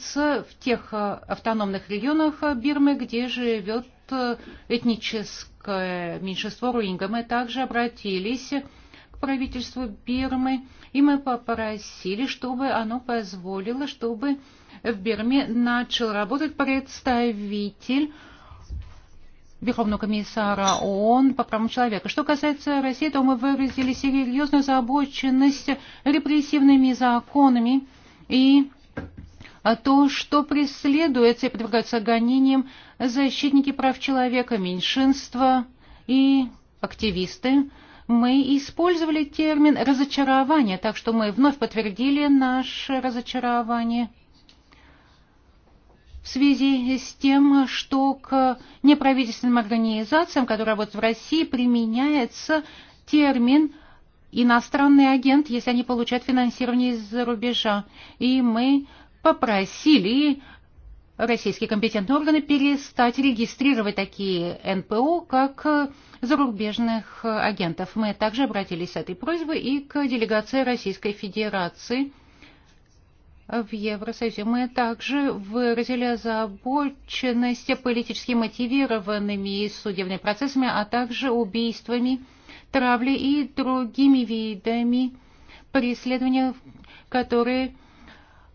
находится в тех автономных регионах Бирмы, где живет этническое меньшинство руинга. Мы также обратились к правительству Бирмы, и мы попросили, чтобы оно позволило, чтобы в Бирме начал работать представитель Верховного комиссара ООН по правам человека. Что касается России, то мы выразили серьезную озабоченность репрессивными законами и А то, что преследуются и подвергаются гонениям защитники прав человека, меньшинства и активисты, мы использовали термин «разочарование», так что мы вновь подтвердили наше разочарование в связи с тем, что к неправительственным организациям, которые работают в России, применяется термин «иностранный агент», если они получают финансирование из-за рубежа. И мы попросили российские компетентные органы перестать регистрировать такие НПО, как зарубежных агентов. Мы также обратились с этой просьбой и к делегации Российской Федерации в Евросоюзе. Мы также выразили озабоченность политически мотивированными судебными процессами, а также убийствами, травлей и другими видами преследования, которые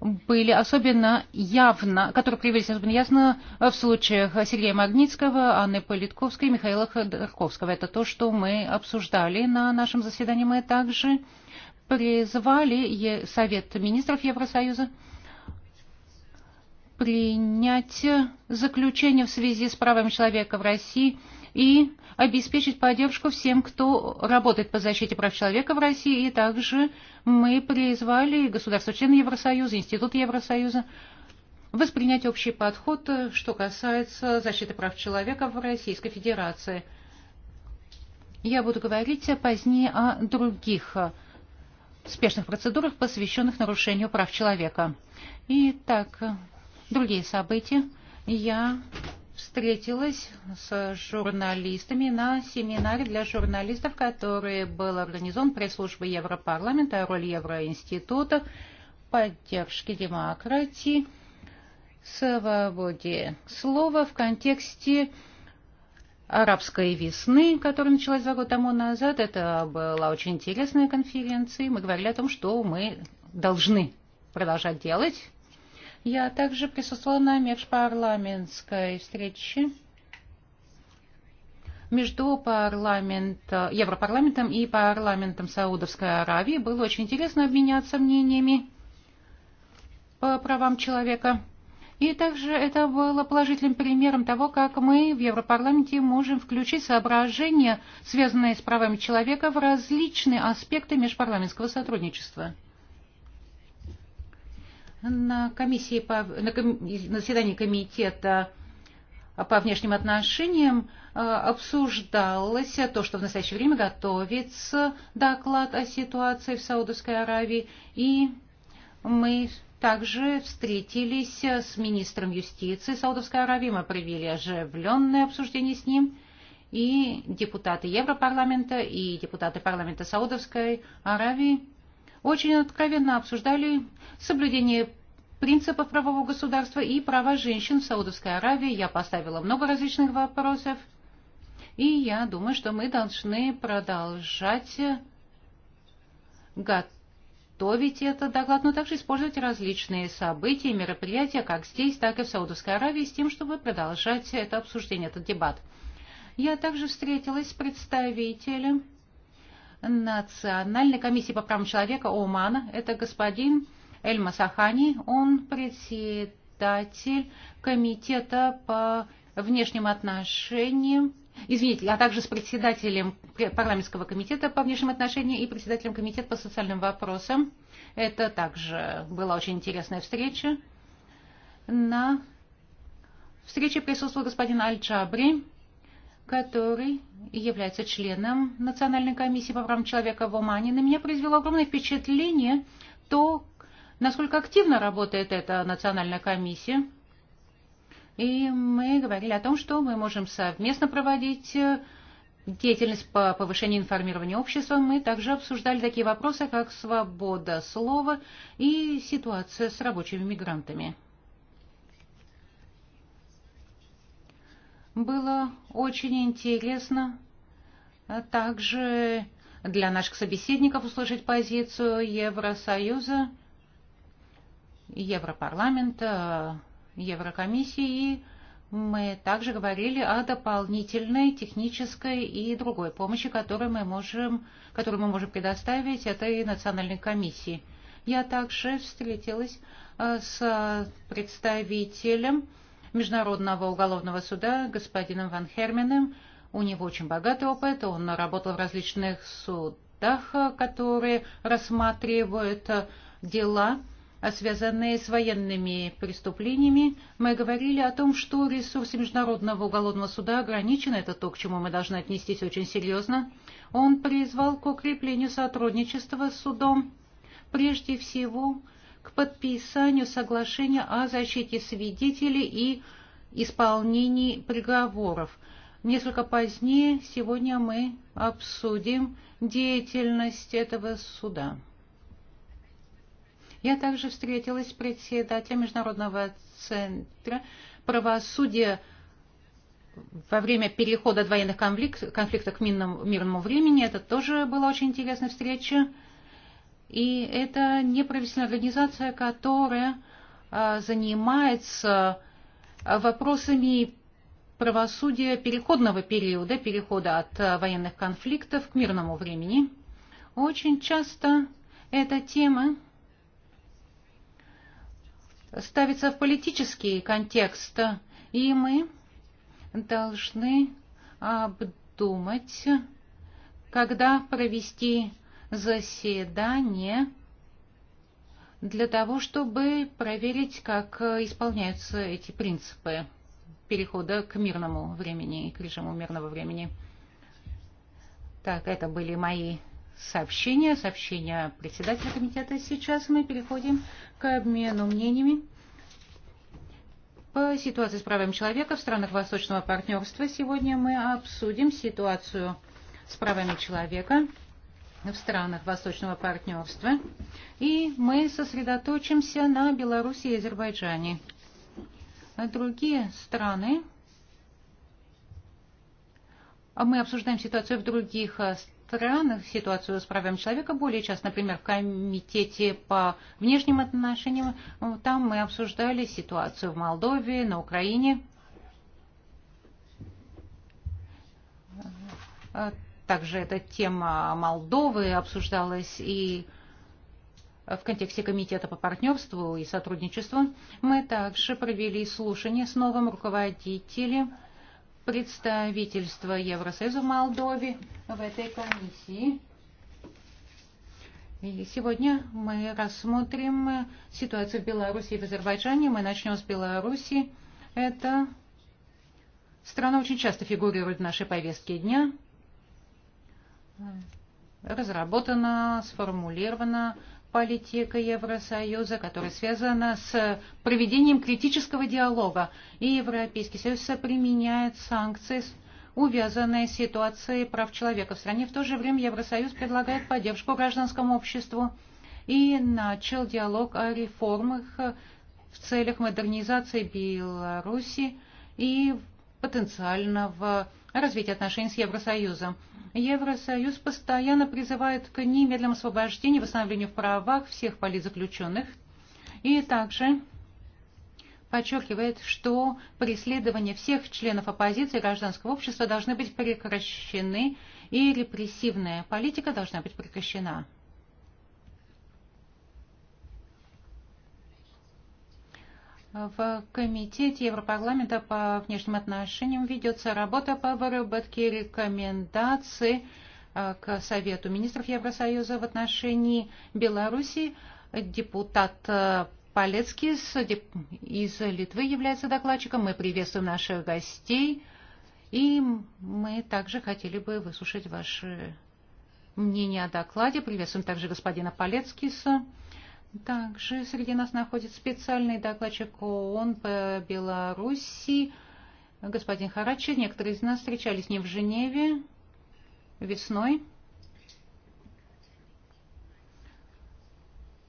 были особенно явно, которые проявились особенно ясно в случаях Сергея Магнитского, Анны Политковской и Михаила Ходорковского. Это то, что мы обсуждали на нашем заседании. Мы также призвали Совет министров Евросоюза принять заключение в связи с правами человека в России – и обеспечить поддержку всем, кто работает по защите прав человека в России. И также мы призвали государства-члены Евросоюза, Институт Евросоюза воспринять общий подход, что касается защиты прав человека в Российской Федерации. Я буду говорить позднее о других спешных процедурах, посвященных нарушению прав человека. Итак, другие события. Я встретилась с журналистами на семинаре для журналистов, который был организован пресс-службой Европарламента роль Евроинститута, поддержке демократии, свободе слова в контексте арабской весны, которая началась два года тому назад. Это была очень интересная конференция. Мы говорили о том, что мы должны продолжать делать Я также присутствовала на межпарламентской встрече между парламент, Европарламентом и парламентом Саудовской Аравии. Было очень интересно обменяться мнениями по правам человека. И также это было положительным примером того, как мы в Европарламенте можем включить соображения, связанные с правами человека, в различные аспекты межпарламентского сотрудничества на, комиссии по, на, заседании комитета по внешним отношениям обсуждалось то, что в настоящее время готовится доклад о ситуации в Саудовской Аравии. И мы также встретились с министром юстиции Саудовской Аравии. Мы провели оживленное обсуждение с ним. И депутаты Европарламента и депутаты парламента Саудовской Аравии очень откровенно обсуждали соблюдение принципов правового государства и права женщин в Саудовской Аравии. Я поставила много различных вопросов. И я думаю, что мы должны продолжать готовить этот доклад, но также использовать различные события и мероприятия, как здесь, так и в Саудовской Аравии, с тем, чтобы продолжать это обсуждение, этот дебат. Я также встретилась с представителем Национальной комиссии по правам человека ОМАН Это господин Эльма Сахани. Он председатель комитета по внешним отношениям извините, а также с председателем парламентского комитета по внешним отношениям и председателем комитета по социальным вопросам. Это также была очень интересная встреча. На встрече присутствовал господин аль Чабри который является членом Национальной комиссии по правам человека в Омане. На меня произвело огромное впечатление то, насколько активно работает эта национальная комиссия. И мы говорили о том, что мы можем совместно проводить деятельность по повышению информирования общества. Мы также обсуждали такие вопросы, как свобода слова и ситуация с рабочими мигрантами. Было очень интересно также для наших собеседников услышать позицию Евросоюза, Европарламента, Еврокомиссии. И мы также говорили о дополнительной технической и другой помощи, которую мы можем, которую мы можем предоставить этой национальной комиссии. Я также встретилась с представителем Международного уголовного суда господином Ван Херменом. У него очень богатый опыт, он работал в различных судах, которые рассматривают дела, связанные с военными преступлениями. Мы говорили о том, что ресурсы Международного уголовного суда ограничены, это то, к чему мы должны отнестись очень серьезно. Он призвал к укреплению сотрудничества с судом, прежде всего, к подписанию соглашения о защите свидетелей и исполнении приговоров. Несколько позднее сегодня мы обсудим деятельность этого суда. Я также встретилась с председателем Международного центра правосудия во время перехода от военных конфликтов к мирному времени. Это тоже была очень интересная встреча. И это неправительственная организация, которая занимается вопросами правосудия переходного периода, перехода от военных конфликтов к мирному времени. Очень часто эта тема ставится в политический контекст, и мы должны обдумать, когда провести заседание для того, чтобы проверить, как исполняются эти принципы перехода к мирному времени и к режиму мирного времени. Так, это были мои сообщения, сообщения председателя комитета. Сейчас мы переходим к обмену мнениями по ситуации с правами человека в странах Восточного партнерства. Сегодня мы обсудим ситуацию с правами человека в странах Восточного партнерства, и мы сосредоточимся на Беларуси и Азербайджане. А другие страны, а мы обсуждаем ситуацию в других странах, ситуацию с правами человека более часто, например, в Комитете по внешним отношениям, там мы обсуждали ситуацию в Молдове, на Украине. Также эта тема Молдовы обсуждалась и в контексте Комитета по партнерству и сотрудничеству. Мы также провели слушание с новым руководителем представительства Евросоюза в Молдове в этой комиссии. И сегодня мы рассмотрим ситуацию в Беларуси и в Азербайджане. Мы начнем с Беларуси. Это страна очень часто фигурирует в нашей повестке дня разработана, сформулирована политика Евросоюза, которая связана с проведением критического диалога. И Европейский Союз применяет санкции, увязанные с ситуацией прав человека в стране. В то же время Евросоюз предлагает поддержку гражданскому обществу и начал диалог о реформах в целях модернизации Беларуси и потенциального развития отношений с Евросоюзом. Евросоюз постоянно призывает к немедленному освобождению и восстановлению в правах всех политзаключенных и также подчеркивает, что преследования всех членов оппозиции и гражданского общества должны быть прекращены и репрессивная политика должна быть прекращена. В Комитете Европарламента по внешним отношениям ведется работа по выработке рекомендаций к Совету министров Евросоюза в отношении Беларуси. Депутат Палецкий из Литвы является докладчиком. Мы приветствуем наших гостей. И мы также хотели бы выслушать ваши мнения о докладе. Приветствуем также господина Полецкиса. Также среди нас находится специальный докладчик ООН по Беларуси, господин Харачи. Некоторые из нас встречались не в Женеве весной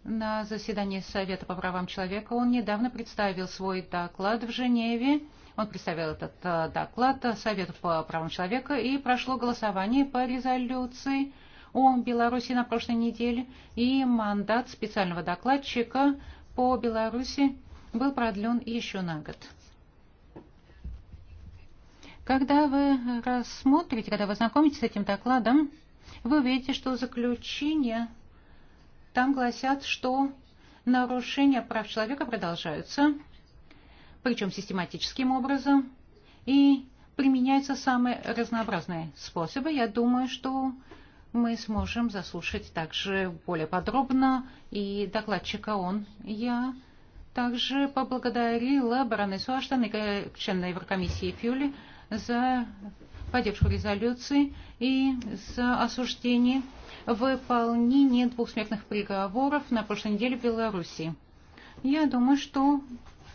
на заседании Совета по правам человека. Он недавно представил свой доклад в Женеве. Он представил этот доклад Совету по правам человека и прошло голосование по резолюции – о Беларуси на прошлой неделе, и мандат специального докладчика по Беларуси был продлен еще на год. Когда вы рассмотрите, когда вы знакомитесь с этим докладом, вы увидите, что заключения там гласят, что нарушения прав человека продолжаются, причем систематическим образом, и применяются самые разнообразные способы. Я думаю, что мы сможем заслушать также более подробно и докладчика он, я также поблагодарила баронессу Аштан и члена Еврокомиссии Фюли за поддержку резолюции и за осуждение выполнения двух смертных приговоров на прошлой неделе в Беларуси. Я думаю, что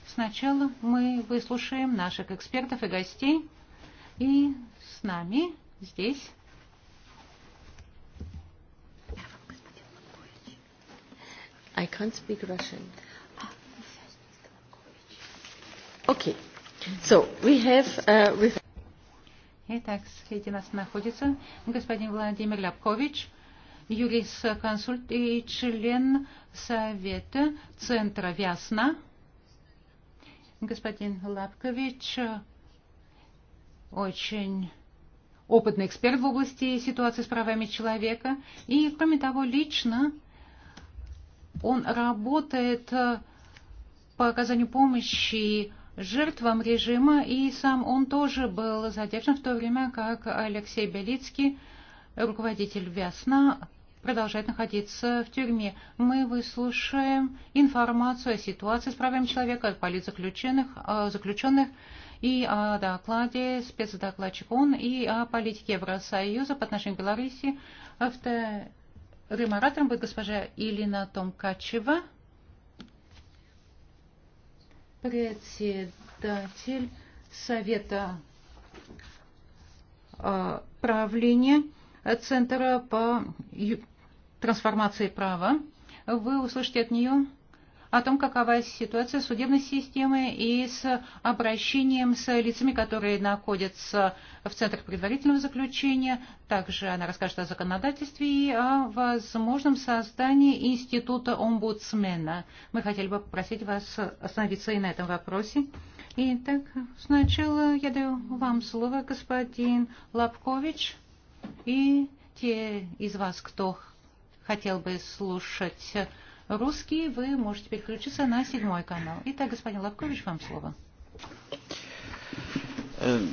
сначала мы выслушаем наших экспертов и гостей, и с нами здесь I can't speak Russian. Okay. So we have uh, with Итак, среди нас находится господин Владимир Ляпкович, юрист-консульт и член Совета Центра Вясна. Господин Лапкович очень опытный эксперт в области ситуации с правами человека и, кроме того, лично Он работает по оказанию помощи жертвам режима, и сам он тоже был задержан в то время, как Алексей Белицкий, руководитель Вясна, продолжает находиться в тюрьме. Мы выслушаем информацию о ситуации с правами человека, о политзаключенных, о заключенных и о докладе спецдокладчик ООН и о политике Евросоюза по отношению к Беларуси. Авто Рым-оратором будет госпожа Илина Томкачева. Председатель Совета правления Центра по трансформации права. Вы услышите от нее о том, какова ситуация судебной системы и с обращением с лицами, которые находятся в центрах предварительного заключения. Также она расскажет о законодательстве и о возможном создании института омбудсмена. Мы хотели бы попросить вас остановиться и на этом вопросе. Итак, сначала я даю вам слово, господин Лапкович, и те из вас, кто хотел бы слушать русский, вы можете переключиться на седьмой канал. Итак, господин Лавкович, вам слово.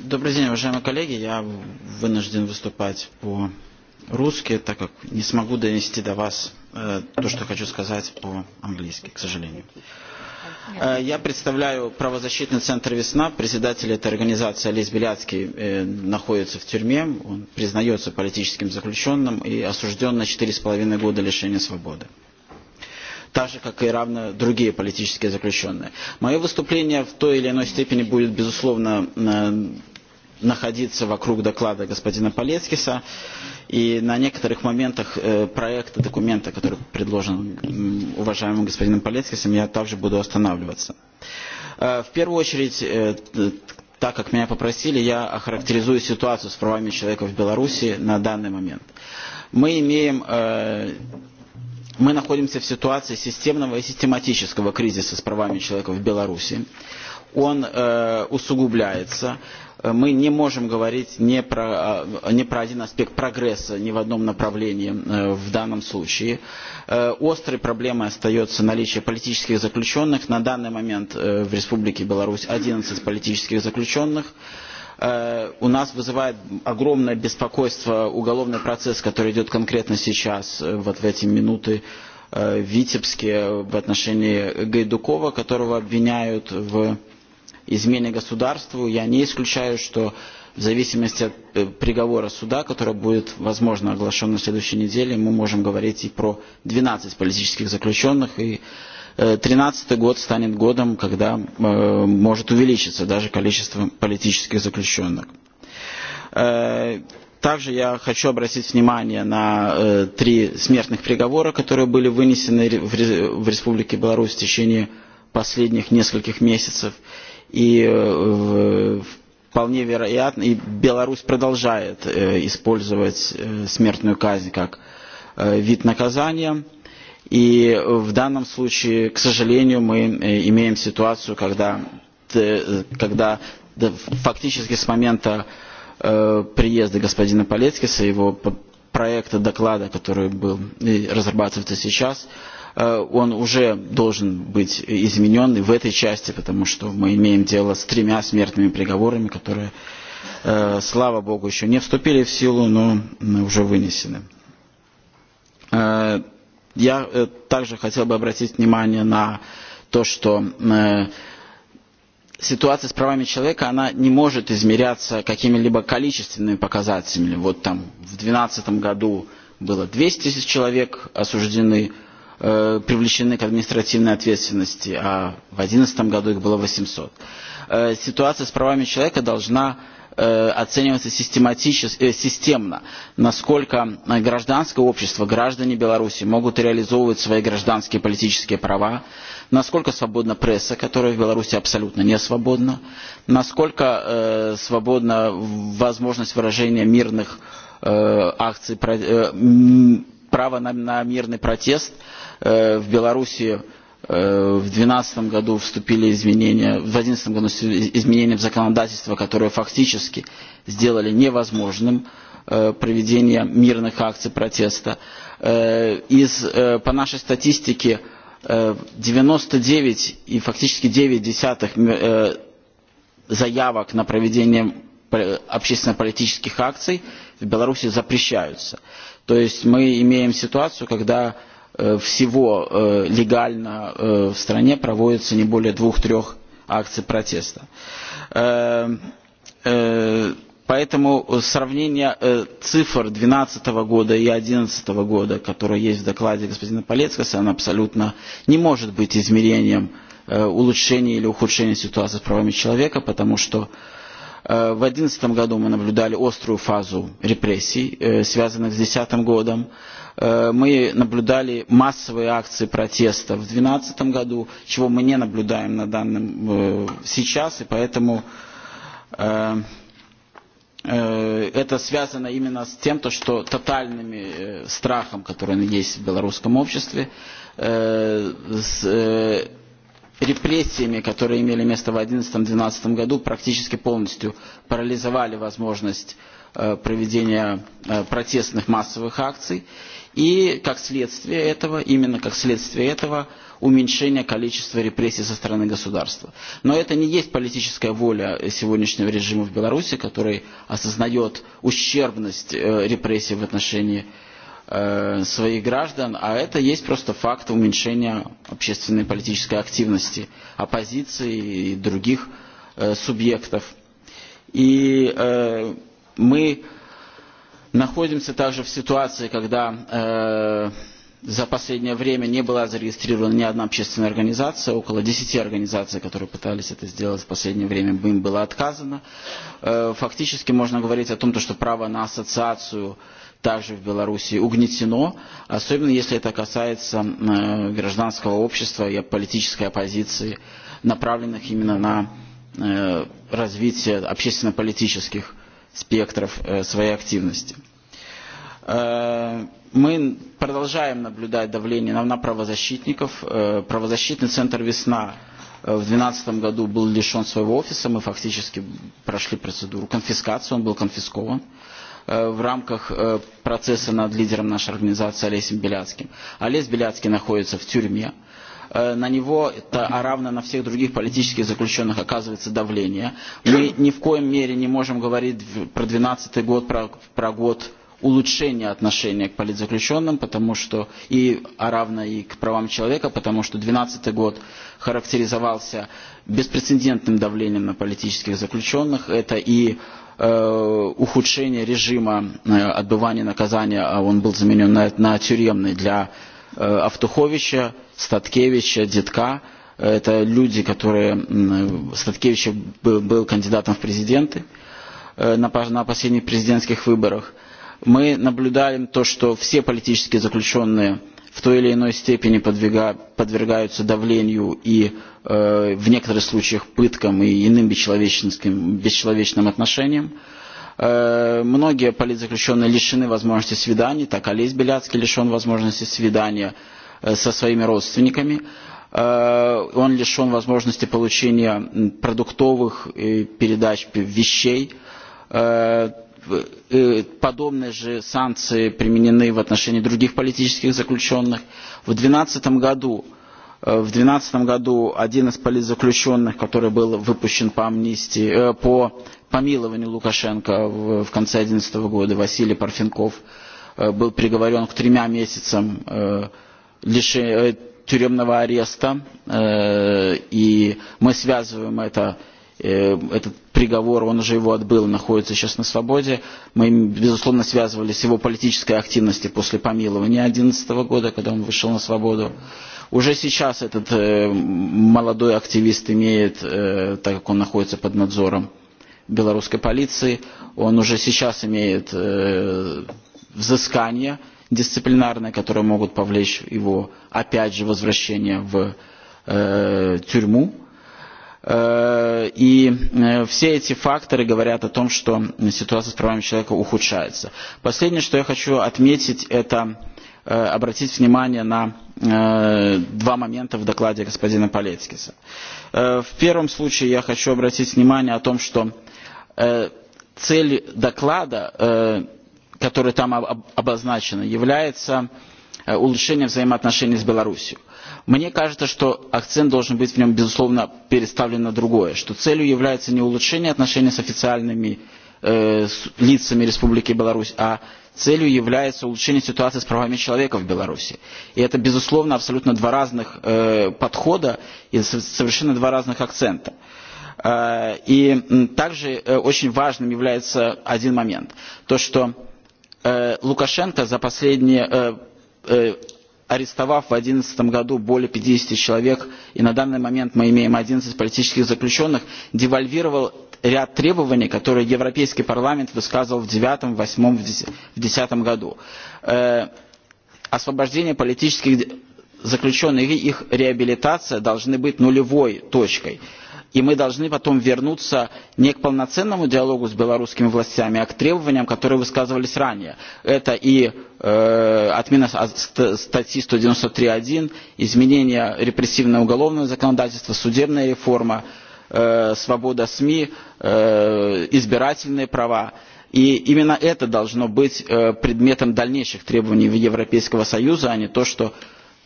Добрый день, уважаемые коллеги. Я вынужден выступать по-русски, так как не смогу донести до вас то, что хочу сказать по-английски, к сожалению. Я представляю правозащитный центр «Весна». Председатель этой организации Олесь Беляцкий находится в тюрьме. Он признается политическим заключенным и осужден на 4,5 года лишения свободы так же, как и равно другие политические заключенные. Мое выступление в той или иной степени будет, безусловно, находиться вокруг доклада господина Полецкиса и на некоторых моментах проекта документа, который предложен уважаемым господином Полецкисом, я также буду останавливаться. В первую очередь, так как меня попросили, я охарактеризую ситуацию с правами человека в Беларуси на данный момент. Мы имеем мы находимся в ситуации системного и систематического кризиса с правами человека в Беларуси. Он усугубляется. Мы не можем говорить не про один аспект прогресса ни в одном направлении в данном случае. Острой проблемой остается наличие политических заключенных. На данный момент в Республике Беларусь 11 политических заключенных у нас вызывает огромное беспокойство уголовный процесс, который идет конкретно сейчас, вот в эти минуты в Витебске в отношении Гайдукова, которого обвиняют в измене государству. Я не исключаю, что в зависимости от приговора суда, который будет, возможно, оглашен на следующей неделе, мы можем говорить и про 12 политических заключенных, и 2013 год станет годом, когда может увеличиться даже количество политических заключенных. Также я хочу обратить внимание на три смертных приговора, которые были вынесены в Республике Беларусь в течение последних нескольких месяцев. И вполне вероятно, и Беларусь продолжает использовать смертную казнь как вид наказания – И в данном случае, к сожалению, мы имеем ситуацию, когда фактически с момента приезда господина Полецкиса, его проекта доклада, который был разрабатывается сейчас, он уже должен быть изменен в этой части, потому что мы имеем дело с тремя смертными приговорами, которые, слава богу, еще не вступили в силу, но уже вынесены. Я также хотел бы обратить внимание на то, что ситуация с правами человека, она не может измеряться какими-либо количественными показателями. Вот там в 2012 году было двести тысяч человек осуждены, привлечены к административной ответственности, а в 2011 году их было 800. Ситуация с правами человека должна оценивается системно, насколько гражданское общество, граждане Беларуси могут реализовывать свои гражданские политические права, насколько свободна пресса, которая в Беларуси абсолютно не свободна, насколько свободна возможность выражения мирных акций, право на мирный протест в Беларуси в 2012 году вступили изменения, в 2011 году изменения в законодательство, которые фактически сделали невозможным проведение мирных акций протеста. Из, по нашей статистике 99 и фактически 9 десятых заявок на проведение общественно-политических акций в Беларуси запрещаются. То есть мы имеем ситуацию, когда всего легально в стране проводится не более двух-трех акций протеста. Поэтому сравнение цифр двенадцатого года и одиннадцатого года, которые есть в докладе господина Полецкаса, оно абсолютно не может быть измерением улучшения или ухудшения ситуации с правами человека, потому что в одиннадцатом году мы наблюдали острую фазу репрессий, связанных с 2010 годом мы наблюдали массовые акции протеста в двенадцатом году, чего мы не наблюдаем на данном сейчас, и поэтому это связано именно с тем, что тотальным страхом, который есть в белорусском обществе, с репрессиями, которые имели место в 2011 двенадцатом году, практически полностью парализовали возможность проведения протестных массовых акций и как следствие этого, именно как следствие этого, уменьшение количества репрессий со стороны государства. Но это не есть политическая воля сегодняшнего режима в Беларуси, который осознает ущербность репрессий в отношении своих граждан, а это есть просто факт уменьшения общественной политической активности оппозиции и других субъектов. И мы находимся также в ситуации когда за последнее время не была зарегистрирована ни одна общественная организация около 10 организаций которые пытались это сделать в последнее время им было отказано фактически можно говорить о том что право на ассоциацию также в Беларуси угнетено, особенно если это касается гражданского общества и политической оппозиции, направленных именно на развитие общественно-политических спектров своей активности. Мы продолжаем наблюдать давление на правозащитников. Правозащитный центр «Весна» в 2012 году был лишен своего офиса. Мы фактически прошли процедуру конфискации, он был конфискован в рамках процесса над лидером нашей организации Олесем Беляцким. Олесь Беляцкий находится в тюрьме на него, а равно на всех других политических заключенных, оказывается давление. Мы ни в коем мере не можем говорить про 2012 год, про год улучшения отношения к политзаключенным, потому что и а равно и к правам человека, потому что 2012 год характеризовался беспрецедентным давлением на политических заключенных. Это и ухудшение режима отбывания наказания, а он был заменен на тюремный для Автуховича, Статкевича, Детка. Это люди, которые... Статкевич был кандидатом в президенты на последних президентских выборах. Мы наблюдаем то, что все политические заключенные в той или иной степени подвергаются давлению и в некоторых случаях пыткам и иным бесчеловечным отношениям. Многие политзаключенные лишены возможности свиданий, так Олесь Беляцкий лишен возможности свидания, со своими родственниками. Он лишен возможности получения продуктовых передач, вещей. Подобные же санкции применены в отношении других политических заключенных. В 2012 году в 2012 году один из политзаключенных, который был выпущен по амнистии, по помилованию Лукашенко в конце 2011 года, Василий Парфенков, был приговорен к тремя месяцам лишь тюремного ареста, и мы связываем это этот приговор, он уже его отбыл, находится сейчас на свободе. Мы, безусловно, связывали с его политической активностью после помилования 2011 года, когда он вышел на свободу. Уже сейчас этот молодой активист имеет, так как он находится под надзором белорусской полиции, он уже сейчас имеет взыскание, дисциплинарные, которые могут повлечь его, опять же, возвращение в тюрьму. И все эти факторы говорят о том, что ситуация с правами человека ухудшается. Последнее, что я хочу отметить, это обратить внимание на два момента в докладе господина Полецкиса. В первом случае я хочу обратить внимание о том, что цель доклада которые там обозначены, является улучшение взаимоотношений с Беларусью. Мне кажется, что акцент должен быть в нем, безусловно, переставлен на другое, что целью является не улучшение отношений с официальными лицами Республики Беларусь, а целью является улучшение ситуации с правами человека в Беларуси. И это, безусловно, абсолютно два разных подхода и совершенно два разных акцента. И также очень важным является один момент, то что Лукашенко за последние арестовав в одиннадцатом году более 50 человек, и на данный момент мы имеем 11 политических заключенных, девальвировал ряд требований, которые Европейский парламент высказывал в 2009, 2008, 2010 году. Освобождение политических заключенных и их реабилитация должны быть нулевой точкой и мы должны потом вернуться не к полноценному диалогу с белорусскими властями а к требованиям которые высказывались ранее это и отмена статьи сто девяносто три один изменение репрессивного уголовного законодательства судебная реформа свобода сми избирательные права и именно это должно быть предметом дальнейших требований европейского союза а не то что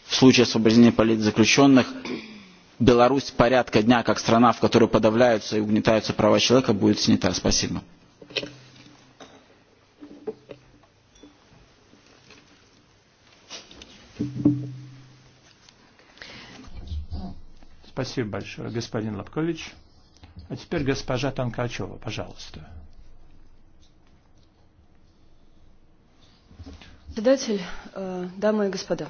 в случае освобождения политзаключенных Беларусь порядка дня, как страна, в которой подавляются и угнетаются права человека, будет снята. Спасибо. Спасибо большое, господин Лобкович. А теперь госпожа Танкачева, пожалуйста. Председатель, дамы и господа,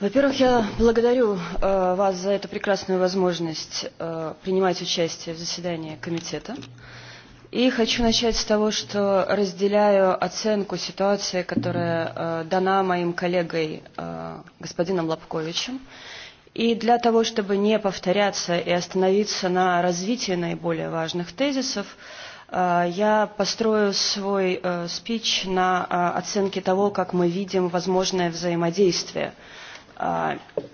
Во-первых, я благодарю вас за эту прекрасную возможность принимать участие в заседании комитета. И хочу начать с того, что разделяю оценку ситуации, которая дана моим коллегой господином Лобковичем. И для того, чтобы не повторяться и остановиться на развитии наиболее важных тезисов, я построю свой спич на оценке того, как мы видим возможное взаимодействие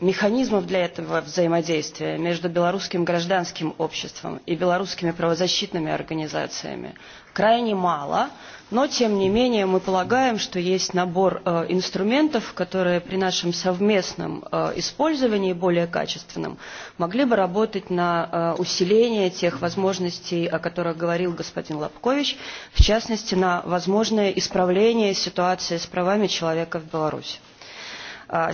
механизмов для этого взаимодействия между белорусским гражданским обществом и белорусскими правозащитными организациями крайне мало, но тем не менее мы полагаем, что есть набор инструментов, которые при нашем совместном использовании более качественном могли бы работать на усиление тех возможностей, о которых говорил господин Лобкович, в частности на возможное исправление ситуации с правами человека в Беларуси.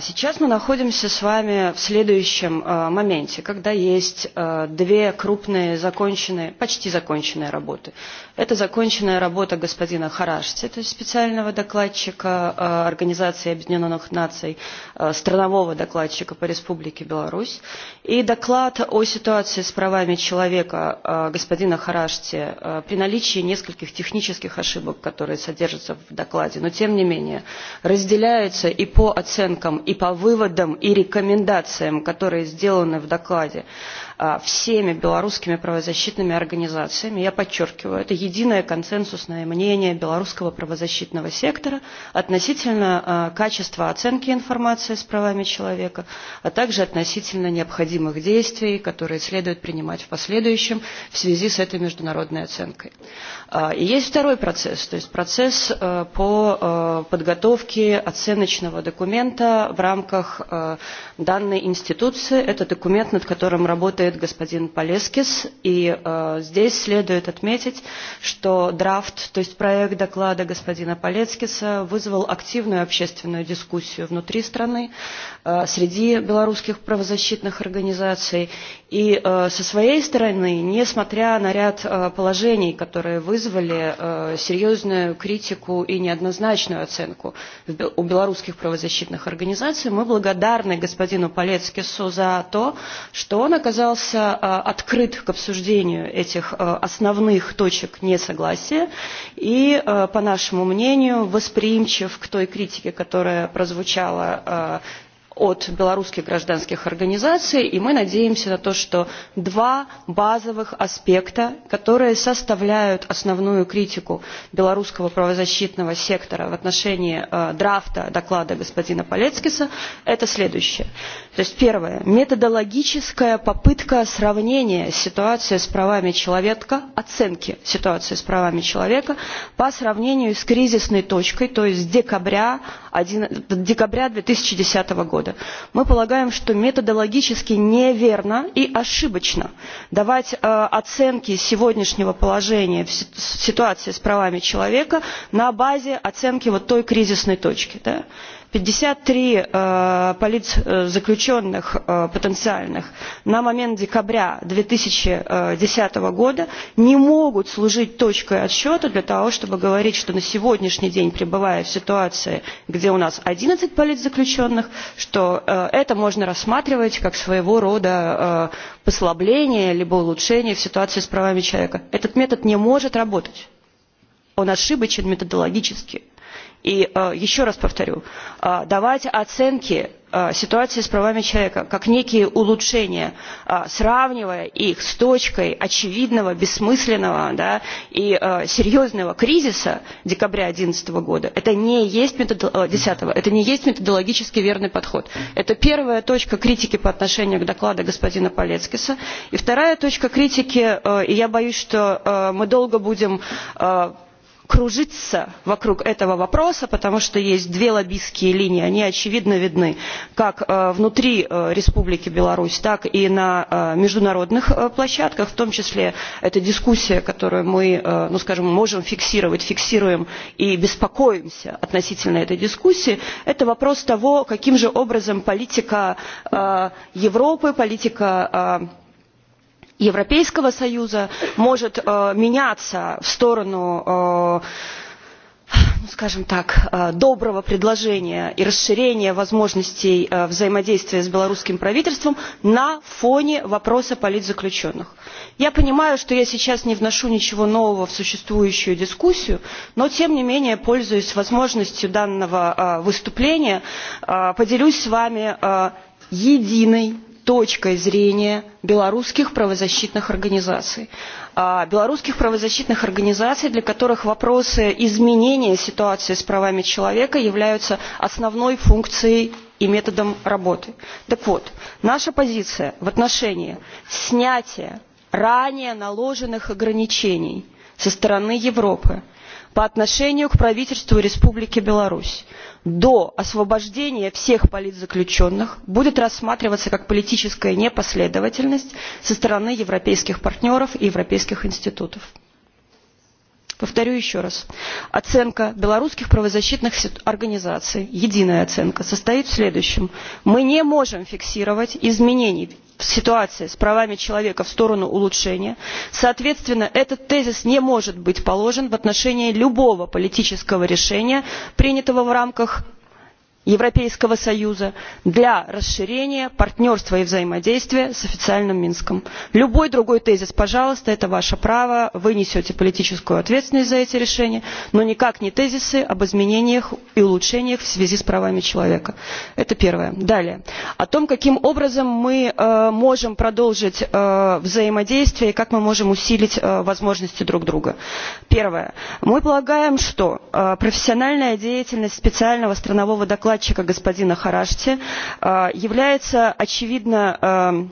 Сейчас мы находимся с вами в следующем моменте, когда есть две крупные законченные, почти законченные работы. Это законченная работа господина Харашти, то есть специального докладчика Организации Объединенных Наций, странового докладчика по Республике Беларусь, и доклад о ситуации с правами человека господина Харашти при наличии нескольких технических ошибок, которые содержатся в докладе, но тем не менее разделяются и по оценкам и по выводам и рекомендациям которые сделаны в докладе всеми белорусскими правозащитными организациями я подчеркиваю это единое консенсусное мнение белорусского правозащитного сектора относительно качества оценки информации с правами человека а также относительно необходимых действий которые следует принимать в последующем в связи с этой международной оценкой. и есть второй процесс то есть процесс по подготовке оценочного документа в рамках данной институции это документ над которым работает говорит господин Полескис. И здесь следует отметить, что драфт, то есть проект доклада господина Полескиса вызвал активную общественную дискуссию внутри страны, среди белорусских правозащитных организаций. И со своей стороны, несмотря на ряд положений, которые вызвали серьезную критику и неоднозначную оценку у белорусских правозащитных организаций, мы благодарны господину Полецкису за то, что он оказался открыт к обсуждению этих основных точек несогласия и, по нашему мнению, восприимчив к той критике, которая прозвучала от белорусских гражданских организаций и мы надеемся на то что два базовых аспекта которые составляют основную критику белорусского правозащитного сектора в отношении драфта доклада господина Полецкиса, это следующее То есть первое методологическая попытка сравнения ситуации с правами человека, оценки ситуации с правами человека по сравнению с кризисной точкой, то есть декабря 2010 года. Мы полагаем, что методологически неверно и ошибочно давать оценки сегодняшнего положения в ситуации с правами человека на базе оценки вот той кризисной точки пятьдесят три политзаключенных потенциальных на момент декабря две тысячи десятого года не могут служить точкой отсчета для того чтобы говорить что на сегодняшний день пребывая в ситуации где у нас одиннадцать политзаключенных что это можно рассматривать как своего рода послабление либо улучшение в ситуации с правами человека. этот метод не может работать он ошибочен методологически и еще раз повторю давать оценки ситуации с правами человека как некие улучшения сравнивая их с точкой очевидного бессмысленного и серьезного кризиса декабря 2011 года это не есть десятого это не есть методологически верный подход это первая точка критики по отношению к докладу господина Полецкиса и вторая точка критики и я боюсь что мы долго будем кружиться вокруг этого вопроса потому что есть две лоббистские линии они очевидно видны как внутри республики беларусь так и на международных площадках в том числе эта дискуссия которую мы ну скажем можем фиксировать фиксируем и беспокоимся относительно этой дискуссии это вопрос того каким же образом политика европы политика европейского союза может меняться в сторону скажем так доброго предложения и расширения возможностей взаимодействия с белорусским правительством на фоне вопроса политзаключенных. я понимаю что я сейчас не вношу ничего нового в существующую дискуссию но тем не менее пользуясь возможностью данного выступления поделюсь с вами единой точкой зрения белорусских правозащитных организаций. Белорусских правозащитных организаций, для которых вопросы изменения ситуации с правами человека являются основной функцией и методом работы. Так вот, наша позиция в отношении снятия ранее наложенных ограничений со стороны Европы по отношению к правительству Республики Беларусь до освобождения всех политзаключенных будет рассматриваться как политическая непоследовательность со стороны европейских партнеров и европейских институтов. Повторю еще раз. Оценка белорусских правозащитных организаций, единая оценка, состоит в следующем. Мы не можем фиксировать изменений ситуации с правами человека в сторону улучшения соответственно этот тезис не может быть положен в отношении любого политического решения принятого в рамках Европейского Союза для расширения партнерства и взаимодействия с официальным Минском. Любой другой тезис, пожалуйста, это ваше право, вы несете политическую ответственность за эти решения, но никак не тезисы об изменениях и улучшениях в связи с правами человека. Это первое. Далее. О том, каким образом мы можем продолжить взаимодействие и как мы можем усилить возможности друг друга. Первое. Мы полагаем, что профессиональная деятельность специального странового доклада докладчика господина Харашти является очевидно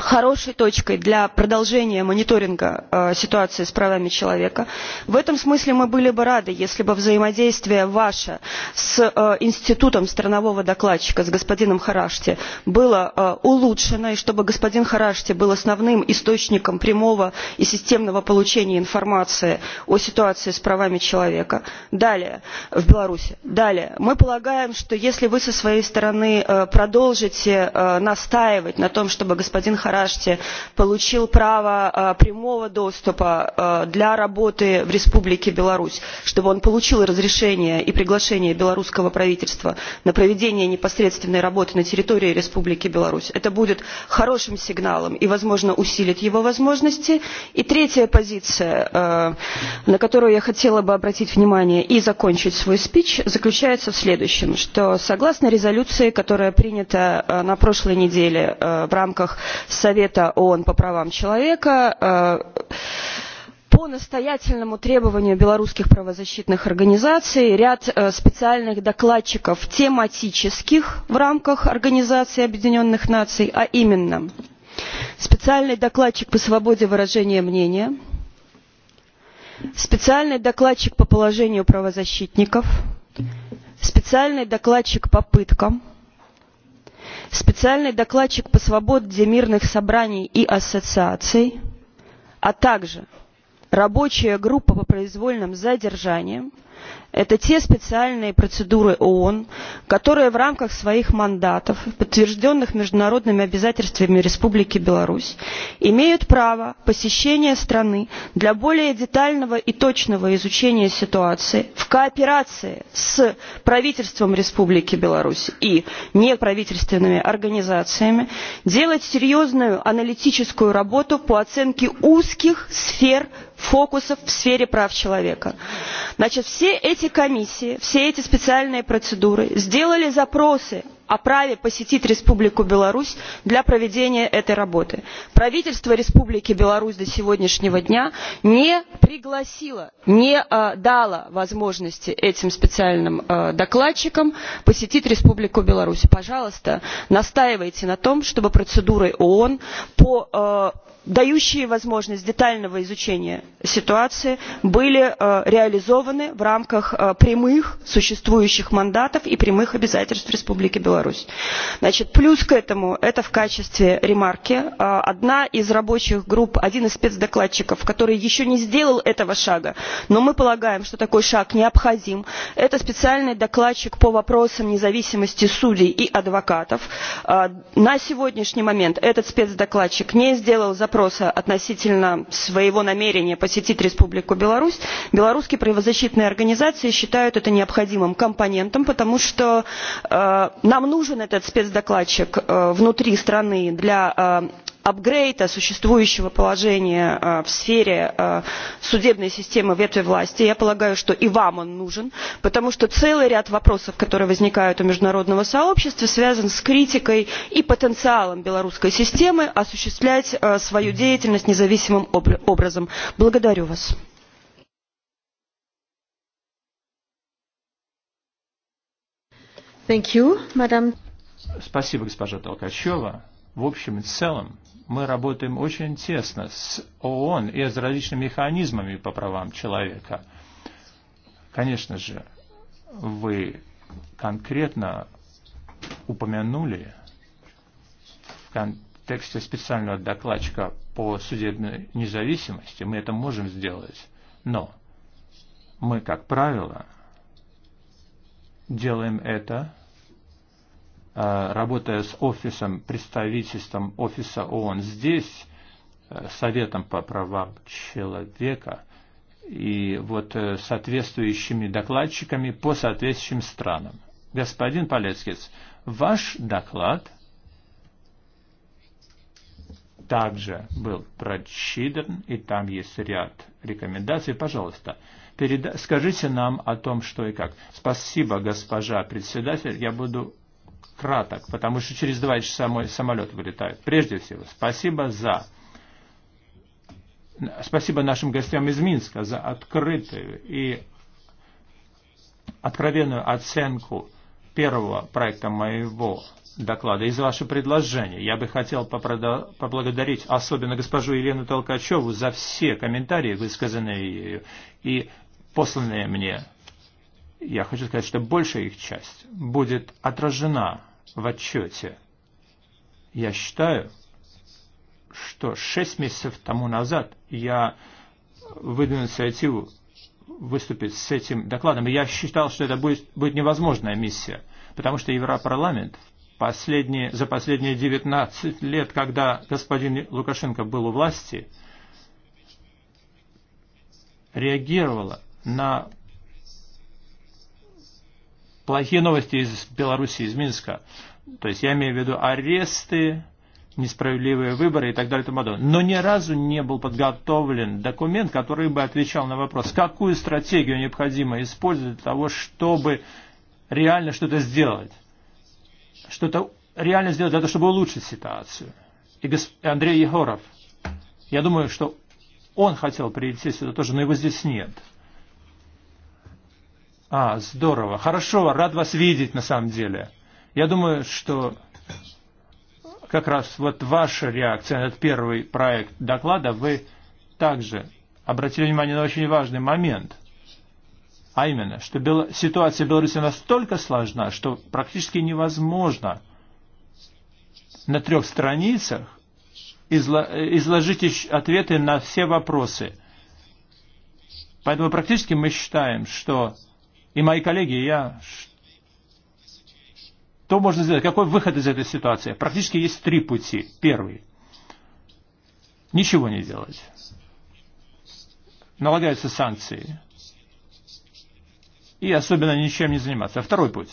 хорошей точкой для продолжения мониторинга ситуации с правами человека. В этом смысле мы были бы рады, если бы взаимодействие ваше с институтом странового докладчика, с господином Харашти, было улучшено, и чтобы господин Харашти был основным источником прямого и системного получения информации о ситуации с правами человека. Далее, в Беларуси. Далее, мы полагаем, что если вы со своей стороны продолжите настаивать на том, чтобы господин Харашти харашти получил право прямого доступа для работы в республике беларусь чтобы он получил разрешение и приглашение белорусского правительства на проведение непосредственной работы на территории республики беларусь это будет хорошим сигналом и возможно усилит его возможности и третья позиция на которую я хотела бы обратить внимание и закончить свой спич заключается в следующем что согласно резолюции которая принята на прошлой неделе в рамках совета оон по правам человека по настоятельному требованию белорусских правозащитных организаций ряд специальных докладчиков тематических в рамках организации объединенных наций а именно специальный докладчик по свободе выражения мнения специальный докладчик по положению правозащитников специальный докладчик по пыткам специальный докладчик по свободе мирных собраний и ассоциаций а также рабочая группа по произвольным задержаниям это те специальные процедуры оон которые в рамках своих мандатов подтвержденных международными обязательствами республики беларусь имеют право посещения страны для более детального и точного изучения ситуации в кооперации с правительством республики беларусь и неправительственными организациями делать серьезную аналитическую работу по оценке узких сфер фокусов в сфере прав человека. Значит, все эти комиссии, все эти специальные процедуры сделали запросы о праве посетить республику беларусь для проведения этой работы. правительство республики беларусь до сегодняшнего дня не пригласило не дало возможности этим специальным докладчикам посетить республику беларусь. пожалуйста настаивайте на том чтобы процедуры оон дающие возможность детального изучения ситуации были реализованы в рамках прямых существующих мандатов и прямых обязательств республики беларусь. Беларусь. Значит, плюс к этому, это в качестве ремарки, одна из рабочих групп, один из спецдокладчиков, который еще не сделал этого шага, но мы полагаем, что такой шаг необходим, это специальный докладчик по вопросам независимости судей и адвокатов. На сегодняшний момент этот спецдокладчик не сделал запроса относительно своего намерения посетить Республику Беларусь. Белорусские правозащитные организации считают это необходимым компонентом, потому что нам нужен этот спецдокладчик внутри страны для апгрейда существующего положения в сфере судебной системы ветви власти я полагаю что и вам он нужен потому что целый ряд вопросов которые возникают у международного сообщества связан с критикой и потенциалом белорусской системы осуществлять свою деятельность независимым образом. благодарю вас. Thank you, madam. Спасибо, госпожа Толкачева. В общем и целом мы работаем очень тесно с ООН и с различными механизмами по правам человека. Конечно же, вы конкретно упомянули в контексте специального докладчика по судебной независимости, мы это можем сделать, но мы, как правило, делаем это работая с офисом, представительством офиса ООН здесь, Советом по правам человека и вот соответствующими докладчиками по соответствующим странам. Господин Полецкец, ваш доклад также был прочитан, и там есть ряд рекомендаций. Пожалуйста, переда... скажите нам о том, что и как. Спасибо, госпожа председатель. Я буду краток, потому что через два часа мой самолет вылетает. Прежде всего, спасибо за... Спасибо нашим гостям из Минска за открытую и откровенную оценку первого проекта моего доклада, из ваше предложение. Я бы хотел поблагодарить особенно госпожу Елену Толкачеву за все комментарии, высказанные ею и посланные мне. Я хочу сказать, что большая их часть будет отражена в отчете. Я считаю, что шесть месяцев тому назад я выдвинул инициативу выступить с этим докладом. я считал, что это будет, будет невозможная миссия, потому что Европарламент последние, за последние 19 лет, когда господин Лукашенко был у власти, реагировала на плохие новости из Беларуси, из Минска. То есть я имею в виду аресты, несправедливые выборы и так далее и тому подобное. Но ни разу не был подготовлен документ, который бы отвечал на вопрос, какую стратегию необходимо использовать для того, чтобы реально что-то сделать. Что-то реально сделать для того, чтобы улучшить ситуацию. И Андрей Егоров, я думаю, что он хотел прийти сюда тоже, но его здесь нет. А, здорово. Хорошо, рад вас видеть на самом деле. Я думаю, что как раз вот ваша реакция на этот первый проект доклада, вы также обратили внимание на очень важный момент. А именно, что ситуация в Беларуси настолько сложна, что практически невозможно на трех страницах изложить ответы на все вопросы. Поэтому практически мы считаем, что И мои коллеги, я... Что можно сделать? Какой выход из этой ситуации? Практически есть три пути. Первый. Ничего не делать. Налагаются санкции. И особенно ничем не заниматься. Второй путь.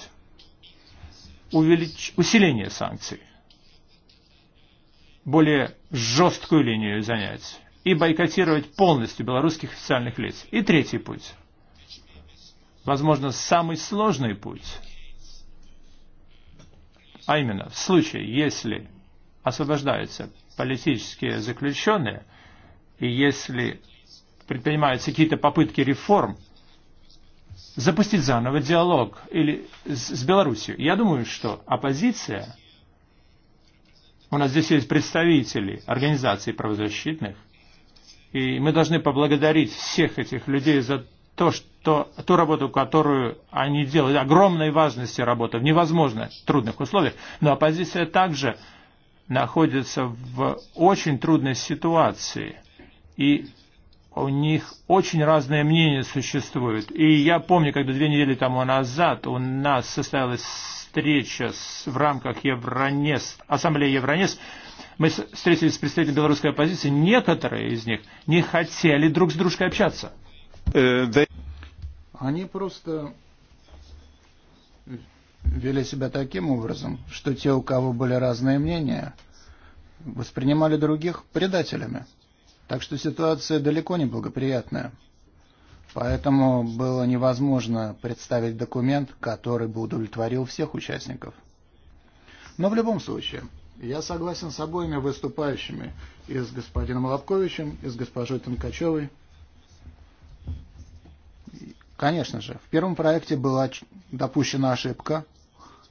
Увелич... Усиление санкций. Более жесткую линию занять и бойкотировать полностью белорусских официальных лиц. И третий путь – возможно, самый сложный путь. А именно, в случае, если освобождаются политические заключенные, и если предпринимаются какие-то попытки реформ, запустить заново диалог или с, с Белоруссией. Я думаю, что оппозиция, у нас здесь есть представители организаций правозащитных, и мы должны поблагодарить всех этих людей за то, что ту работу, которую они делают, огромной важности работы, в невозможных, трудных условиях, но оппозиция также находится в очень трудной ситуации, и у них очень разные мнения существуют. И я помню, когда две недели тому назад у нас состоялась встреча с, в рамках Евронес, Ассамблеи Евронес, мы встретились с представителями белорусской оппозиции, некоторые из них не хотели друг с дружкой общаться. Они просто вели себя таким образом, что те, у кого были разные мнения, воспринимали других предателями. Так что ситуация далеко не благоприятная. Поэтому было невозможно представить документ, который бы удовлетворил всех участников. Но в любом случае, я согласен с обоими выступающими, и с господином Лобковичем, и с госпожой Тонкачевой, Конечно же, в первом проекте была допущена ошибка,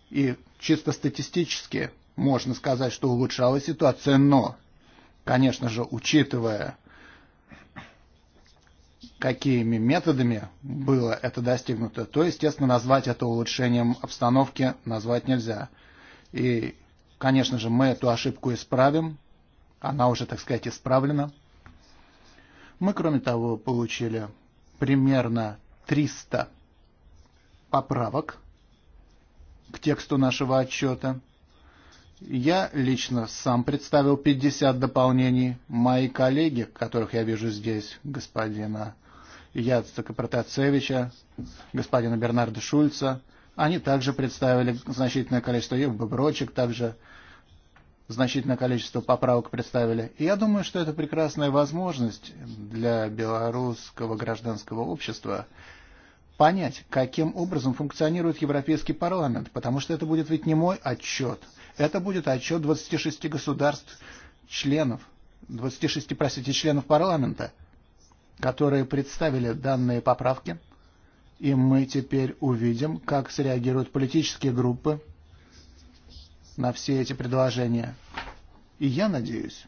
и чисто статистически можно сказать, что улучшалась ситуация, но, конечно же, учитывая, какими методами было это достигнуто, то, естественно, назвать это улучшением обстановки назвать нельзя. И, конечно же, мы эту ошибку исправим, она уже, так сказать, исправлена. Мы, кроме того, получили примерно 300 поправок к тексту нашего отчета. Я лично сам представил 50 дополнений. Мои коллеги, которых я вижу здесь, господина Яцека Протацевича, господина Бернарда Шульца, они также представили значительное количество и брочек, также значительное количество поправок представили. И я думаю, что это прекрасная возможность для белорусского гражданского общества понять, каким образом функционирует Европейский парламент, потому что это будет ведь не мой отчет, это будет отчет 26 государств членов, 26, простите, членов парламента, которые представили данные поправки, и мы теперь увидим, как среагируют политические группы на все эти предложения. И я надеюсь,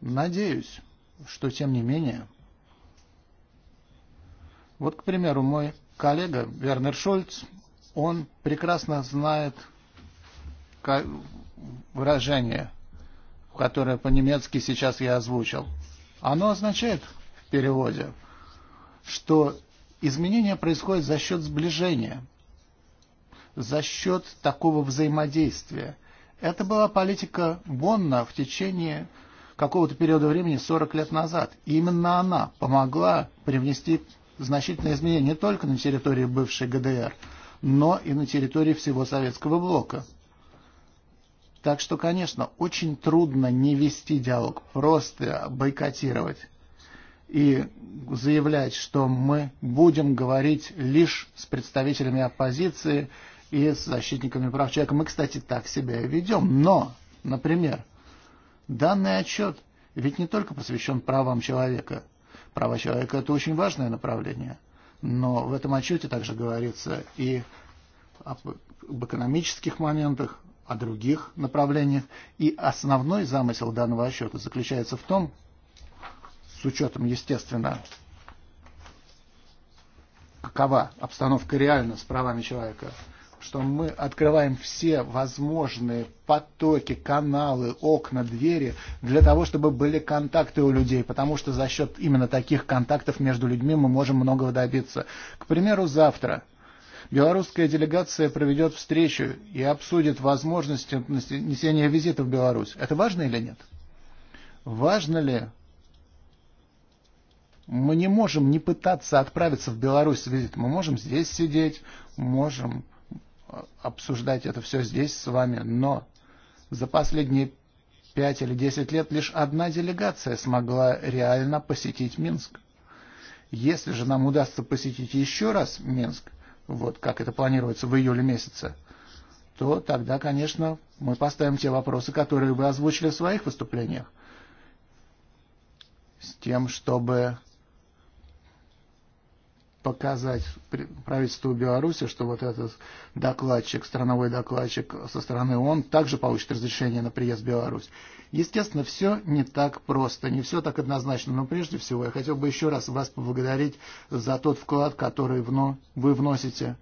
надеюсь, что тем не менее, вот, к примеру, мой коллега Вернер Шольц, он прекрасно знает выражение, которое по-немецки сейчас я озвучил. Оно означает в переводе, что изменения происходят за счет сближения, за счет такого взаимодействия. Это была политика Бонна в течение какого-то периода времени, 40 лет назад. И именно она помогла привнести значительные изменения не только на территории бывшей ГДР, но и на территории всего советского блока. Так что, конечно, очень трудно не вести диалог, просто бойкотировать и заявлять, что мы будем говорить лишь с представителями оппозиции и с защитниками прав человека. Мы, кстати, так себя и ведем. Но, например, данный отчет ведь не только посвящен правам человека. Права человека – это очень важное направление. Но в этом отчете также говорится и об экономических моментах, о других направлениях. И основной замысел данного отчета заключается в том, с учетом, естественно, какова обстановка реально с правами человека – что мы открываем все возможные потоки, каналы, окна, двери для того, чтобы были контакты у людей, потому что за счет именно таких контактов между людьми мы можем многого добиться. К примеру, завтра белорусская делегация проведет встречу и обсудит возможности несения визита в Беларусь. Это важно или нет? Важно ли мы не можем не пытаться отправиться в Беларусь с визитом. Мы можем здесь сидеть, можем обсуждать это все здесь с вами, но за последние пять или десять лет лишь одна делегация смогла реально посетить Минск. Если же нам удастся посетить еще раз Минск, вот как это планируется в июле месяце, то тогда, конечно, мы поставим те вопросы, которые вы озвучили в своих выступлениях, с тем, чтобы показать правительству Беларуси, что вот этот докладчик, страновой докладчик со стороны ООН также получит разрешение на приезд в Беларусь. Естественно, все не так просто, не все так однозначно, но прежде всего я хотел бы еще раз вас поблагодарить за тот вклад, который вы вносите.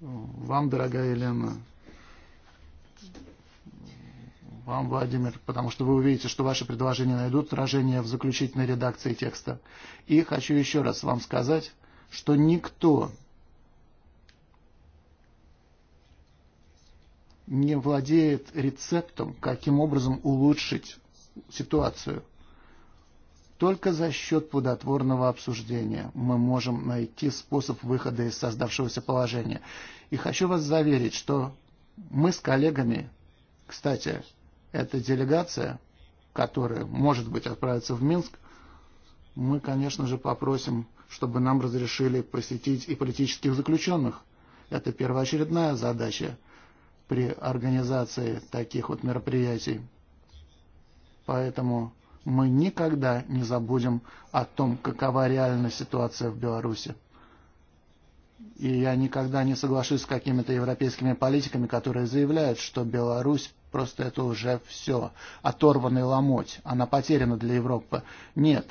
Вам, дорогая Елена вам, Владимир, потому что вы увидите, что ваши предложения найдут отражение в заключительной редакции текста. И хочу еще раз вам сказать, что никто не владеет рецептом, каким образом улучшить ситуацию. Только за счет плодотворного обсуждения мы можем найти способ выхода из создавшегося положения. И хочу вас заверить, что мы с коллегами, кстати, эта делегация, которая, может быть, отправится в Минск, мы, конечно же, попросим, чтобы нам разрешили посетить и политических заключенных. Это первоочередная задача при организации таких вот мероприятий. Поэтому мы никогда не забудем о том, какова реальная ситуация в Беларуси. И я никогда не соглашусь с какими-то европейскими политиками, которые заявляют, что Беларусь просто это уже все оторванный ломоть, она потеряна для Европы. Нет,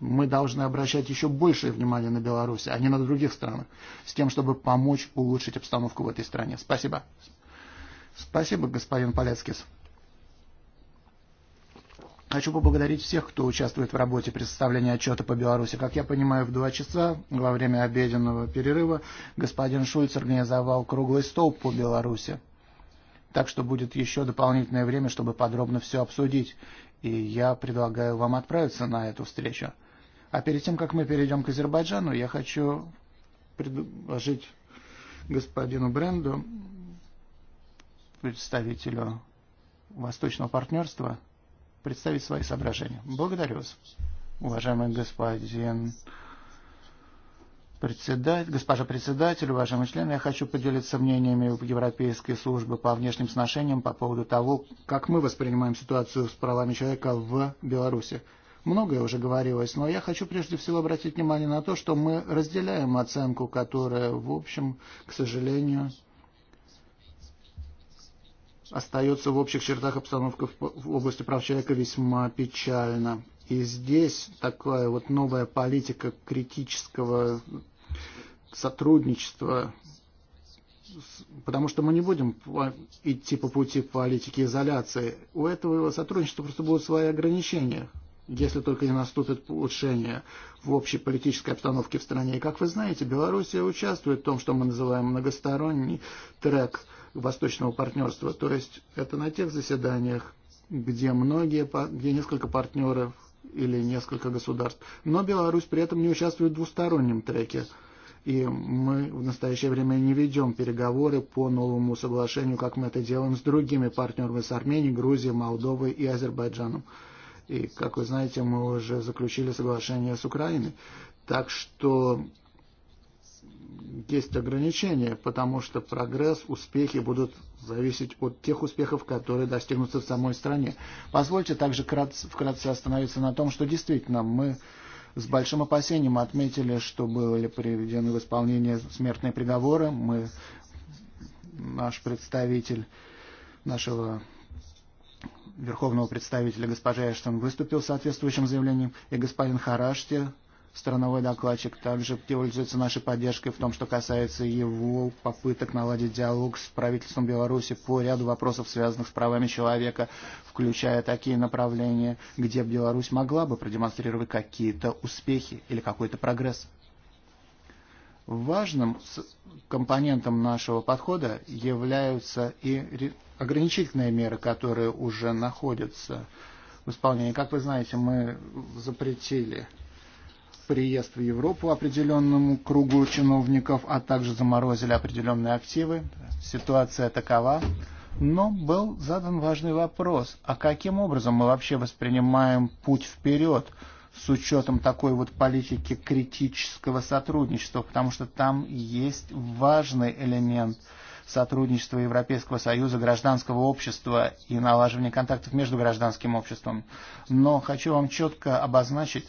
мы должны обращать еще большее внимание на Беларусь, а не на других странах, с тем, чтобы помочь улучшить обстановку в этой стране. Спасибо. Спасибо, господин Полецкис. Хочу поблагодарить всех, кто участвует в работе при составлении отчета по Беларуси. Как я понимаю, в два часа во время обеденного перерыва господин Шульц организовал круглый стол по Беларуси. Так что будет еще дополнительное время, чтобы подробно все обсудить, и я предлагаю вам отправиться на эту встречу. А перед тем, как мы перейдем к Азербайджану, я хочу предложить господину Бренду, представителю Восточного партнерства, представить свои соображения. Благодарю вас, уважаемый господин Председатель, госпожа председатель, уважаемые члены, я хочу поделиться мнениями Европейской службы по внешним сношениям по поводу того, как мы воспринимаем ситуацию с правами человека в Беларуси. Многое уже говорилось, но я хочу прежде всего обратить внимание на то, что мы разделяем оценку, которая, в общем, к сожалению, остается в общих чертах обстановка в области прав человека весьма печальна. И здесь такая вот новая политика критического сотрудничество, потому что мы не будем идти по пути политики изоляции. У этого его сотрудничества просто будут свои ограничения, если только не наступит улучшение в общей политической обстановке в стране. И, как вы знаете, Белоруссия участвует в том, что мы называем многосторонний трек восточного партнерства. То есть это на тех заседаниях, где многие, где несколько партнеров или несколько государств. Но Беларусь при этом не участвует в двустороннем треке. И мы в настоящее время не ведем переговоры по новому соглашению, как мы это делаем с другими партнерами, с Арменией, Грузией, Молдовой и Азербайджаном. И, как вы знаете, мы уже заключили соглашение с Украиной. Так что есть ограничения, потому что прогресс, успехи будут зависеть от тех успехов, которые достигнутся в самой стране. Позвольте также вкратце остановиться на том, что действительно мы С большим опасением отметили, что были приведены в исполнение смертные приговоры. Мы, наш представитель нашего верховного представителя госпожа Эштон выступил с соответствующим заявлением, и господин Харашти Страновой докладчик также пользуется нашей поддержкой в том, что касается его попыток наладить диалог с правительством Беларуси по ряду вопросов, связанных с правами человека, включая такие направления, где Беларусь могла бы продемонстрировать какие-то успехи или какой-то прогресс. Важным компонентом нашего подхода являются и ограничительные меры, которые уже находятся в исполнении. Как вы знаете, мы запретили приезд в Европу определенному кругу чиновников, а также заморозили определенные активы. Ситуация такова. Но был задан важный вопрос, а каким образом мы вообще воспринимаем путь вперед с учетом такой вот политики критического сотрудничества, потому что там есть важный элемент сотрудничества Европейского Союза, гражданского общества и налаживания контактов между гражданским обществом. Но хочу вам четко обозначить,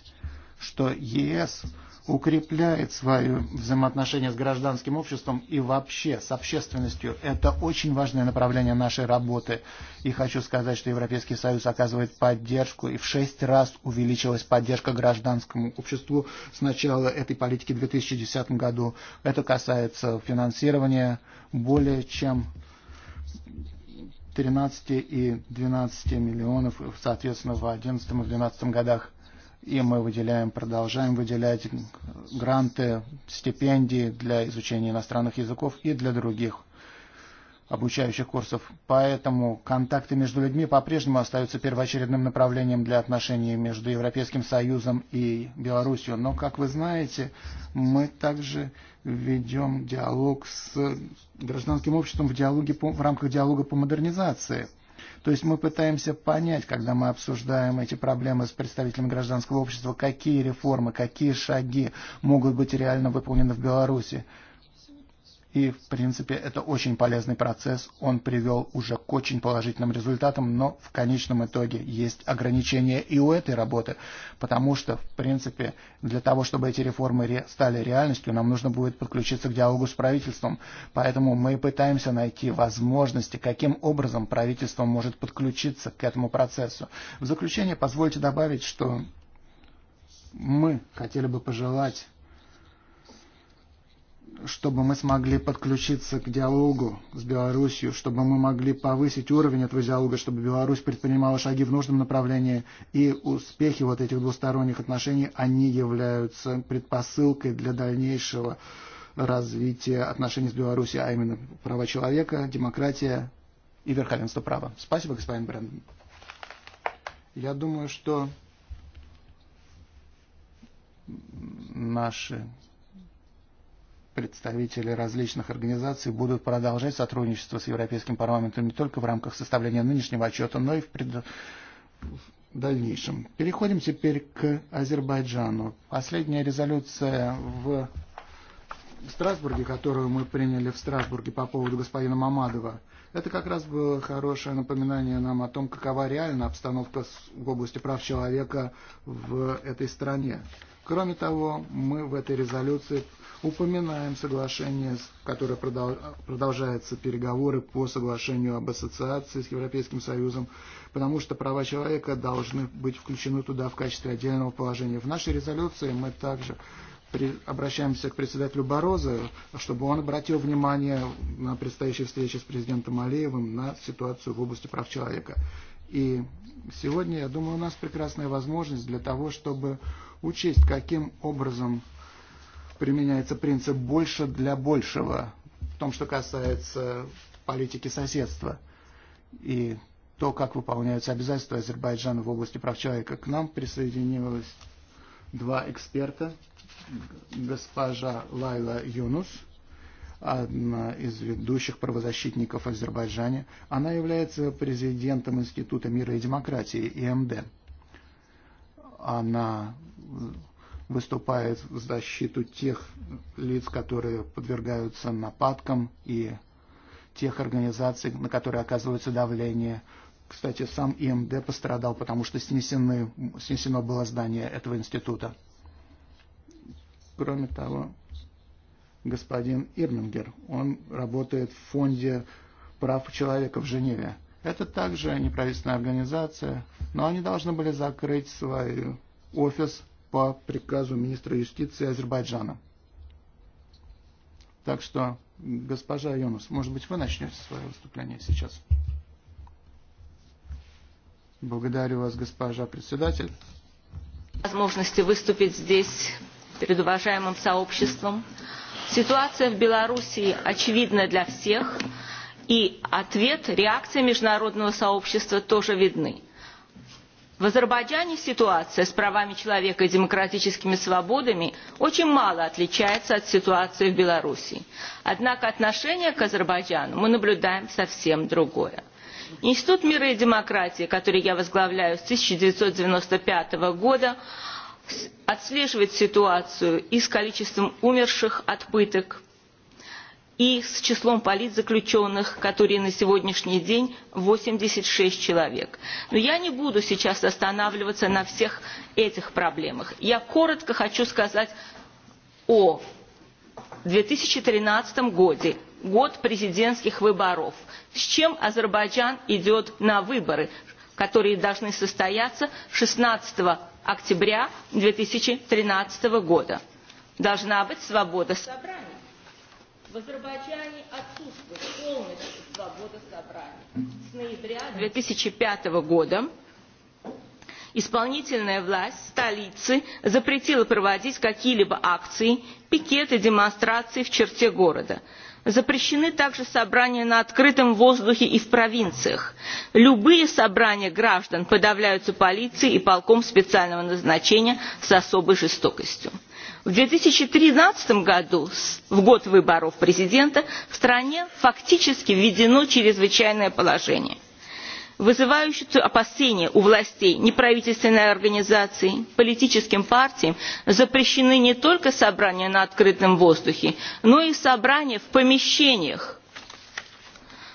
что ЕС укрепляет свои взаимоотношения с гражданским обществом и вообще с общественностью. Это очень важное направление нашей работы. И хочу сказать, что Европейский Союз оказывает поддержку, и в шесть раз увеличилась поддержка гражданскому обществу с начала этой политики в 2010 году. Это касается финансирования более чем 13 и 12 миллионов, соответственно, в 2011 и 2012 годах и мы выделяем, продолжаем выделять гранты, стипендии для изучения иностранных языков и для других обучающих курсов. Поэтому контакты между людьми по-прежнему остаются первоочередным направлением для отношений между Европейским Союзом и белоруссией Но, как вы знаете, мы также ведем диалог с гражданским обществом в, диалоге в рамках диалога по модернизации – То есть мы пытаемся понять, когда мы обсуждаем эти проблемы с представителями гражданского общества, какие реформы, какие шаги могут быть реально выполнены в Беларуси. И, в принципе, это очень полезный процесс. Он привел уже к очень положительным результатам, но в конечном итоге есть ограничения и у этой работы, потому что, в принципе, для того, чтобы эти реформы стали реальностью, нам нужно будет подключиться к диалогу с правительством. Поэтому мы пытаемся найти возможности, каким образом правительство может подключиться к этому процессу. В заключение позвольте добавить, что мы хотели бы пожелать чтобы мы смогли подключиться к диалогу с Беларусью, чтобы мы могли повысить уровень этого диалога, чтобы Беларусь предпринимала шаги в нужном направлении. И успехи вот этих двусторонних отношений, они являются предпосылкой для дальнейшего развития отношений с Беларусью, а именно права человека, демократия и верховенство права. Спасибо, господин Брэндон. Я думаю, что наши представители различных организаций будут продолжать сотрудничество с Европейским парламентом не только в рамках составления нынешнего отчета, но и в пред... дальнейшем. Переходим теперь к Азербайджану. Последняя резолюция в Страсбурге, которую мы приняли в Страсбурге по поводу господина Мамадова, это как раз было хорошее напоминание нам о том, какова реальная обстановка в области прав человека в этой стране. Кроме того, мы в этой резолюции упоминаем соглашение, которое продолжаются переговоры по соглашению об ассоциации с Европейским Союзом, потому что права человека должны быть включены туда в качестве отдельного положения. В нашей резолюции мы также обращаемся к председателю Бороза, чтобы он обратил внимание на предстоящей встрече с президентом Алиевым на ситуацию в области прав человека. И сегодня, я думаю, у нас прекрасная возможность для того, чтобы учесть, каким образом применяется принцип «больше для большего» в том, что касается политики соседства и то, как выполняются обязательства Азербайджана в области прав человека. К нам присоединилось два эксперта, госпожа Лайла Юнус, одна из ведущих правозащитников Азербайджана. Она является президентом Института мира и демократии, ИМД. Она выступает в защиту тех лиц, которые подвергаются нападкам и тех организаций, на которые оказывается давление. Кстати, сам ИМД пострадал, потому что снесены, снесено было здание этого института. Кроме того, господин Ирмингер, он работает в фонде прав человека в Женеве. Это также неправительственная организация, но они должны были закрыть свой офис по приказу министра юстиции Азербайджана. Так что, госпожа Юнус, может быть, вы начнете свое выступление сейчас. Благодарю вас, госпожа председатель. Возможности выступить здесь перед уважаемым сообществом. Ситуация в Белоруссии очевидна для всех, и ответ, реакция международного сообщества тоже видны В Азербайджане ситуация с правами человека и демократическими свободами очень мало отличается от ситуации в Беларуси. Однако отношение к Азербайджану мы наблюдаем совсем другое. Институт мира и демократии, который я возглавляю с 1995 года, отслеживает ситуацию и с количеством умерших от пыток, и с числом политзаключенных, которые на сегодняшний день 86 человек. Но я не буду сейчас останавливаться на всех этих проблемах. Я коротко хочу сказать о 2013 годе, год президентских выборов, с чем Азербайджан идет на выборы, которые должны состояться 16 октября 2013 года. Должна быть свобода собрания в Азербайджане отсутствует полностью свобода собрания. С ноября 2005 года исполнительная власть столицы запретила проводить какие-либо акции, пикеты, демонстрации в черте города. Запрещены также собрания на открытом воздухе и в провинциях. Любые собрания граждан подавляются полицией и полком специального назначения с особой жестокостью. В две 2013 году, в год выборов президента, в стране фактически введено чрезвычайное положение, вызывающее опасения у властей, неправительственной организации, политическим партиям запрещены не только собрания на открытом воздухе, но и собрания в помещениях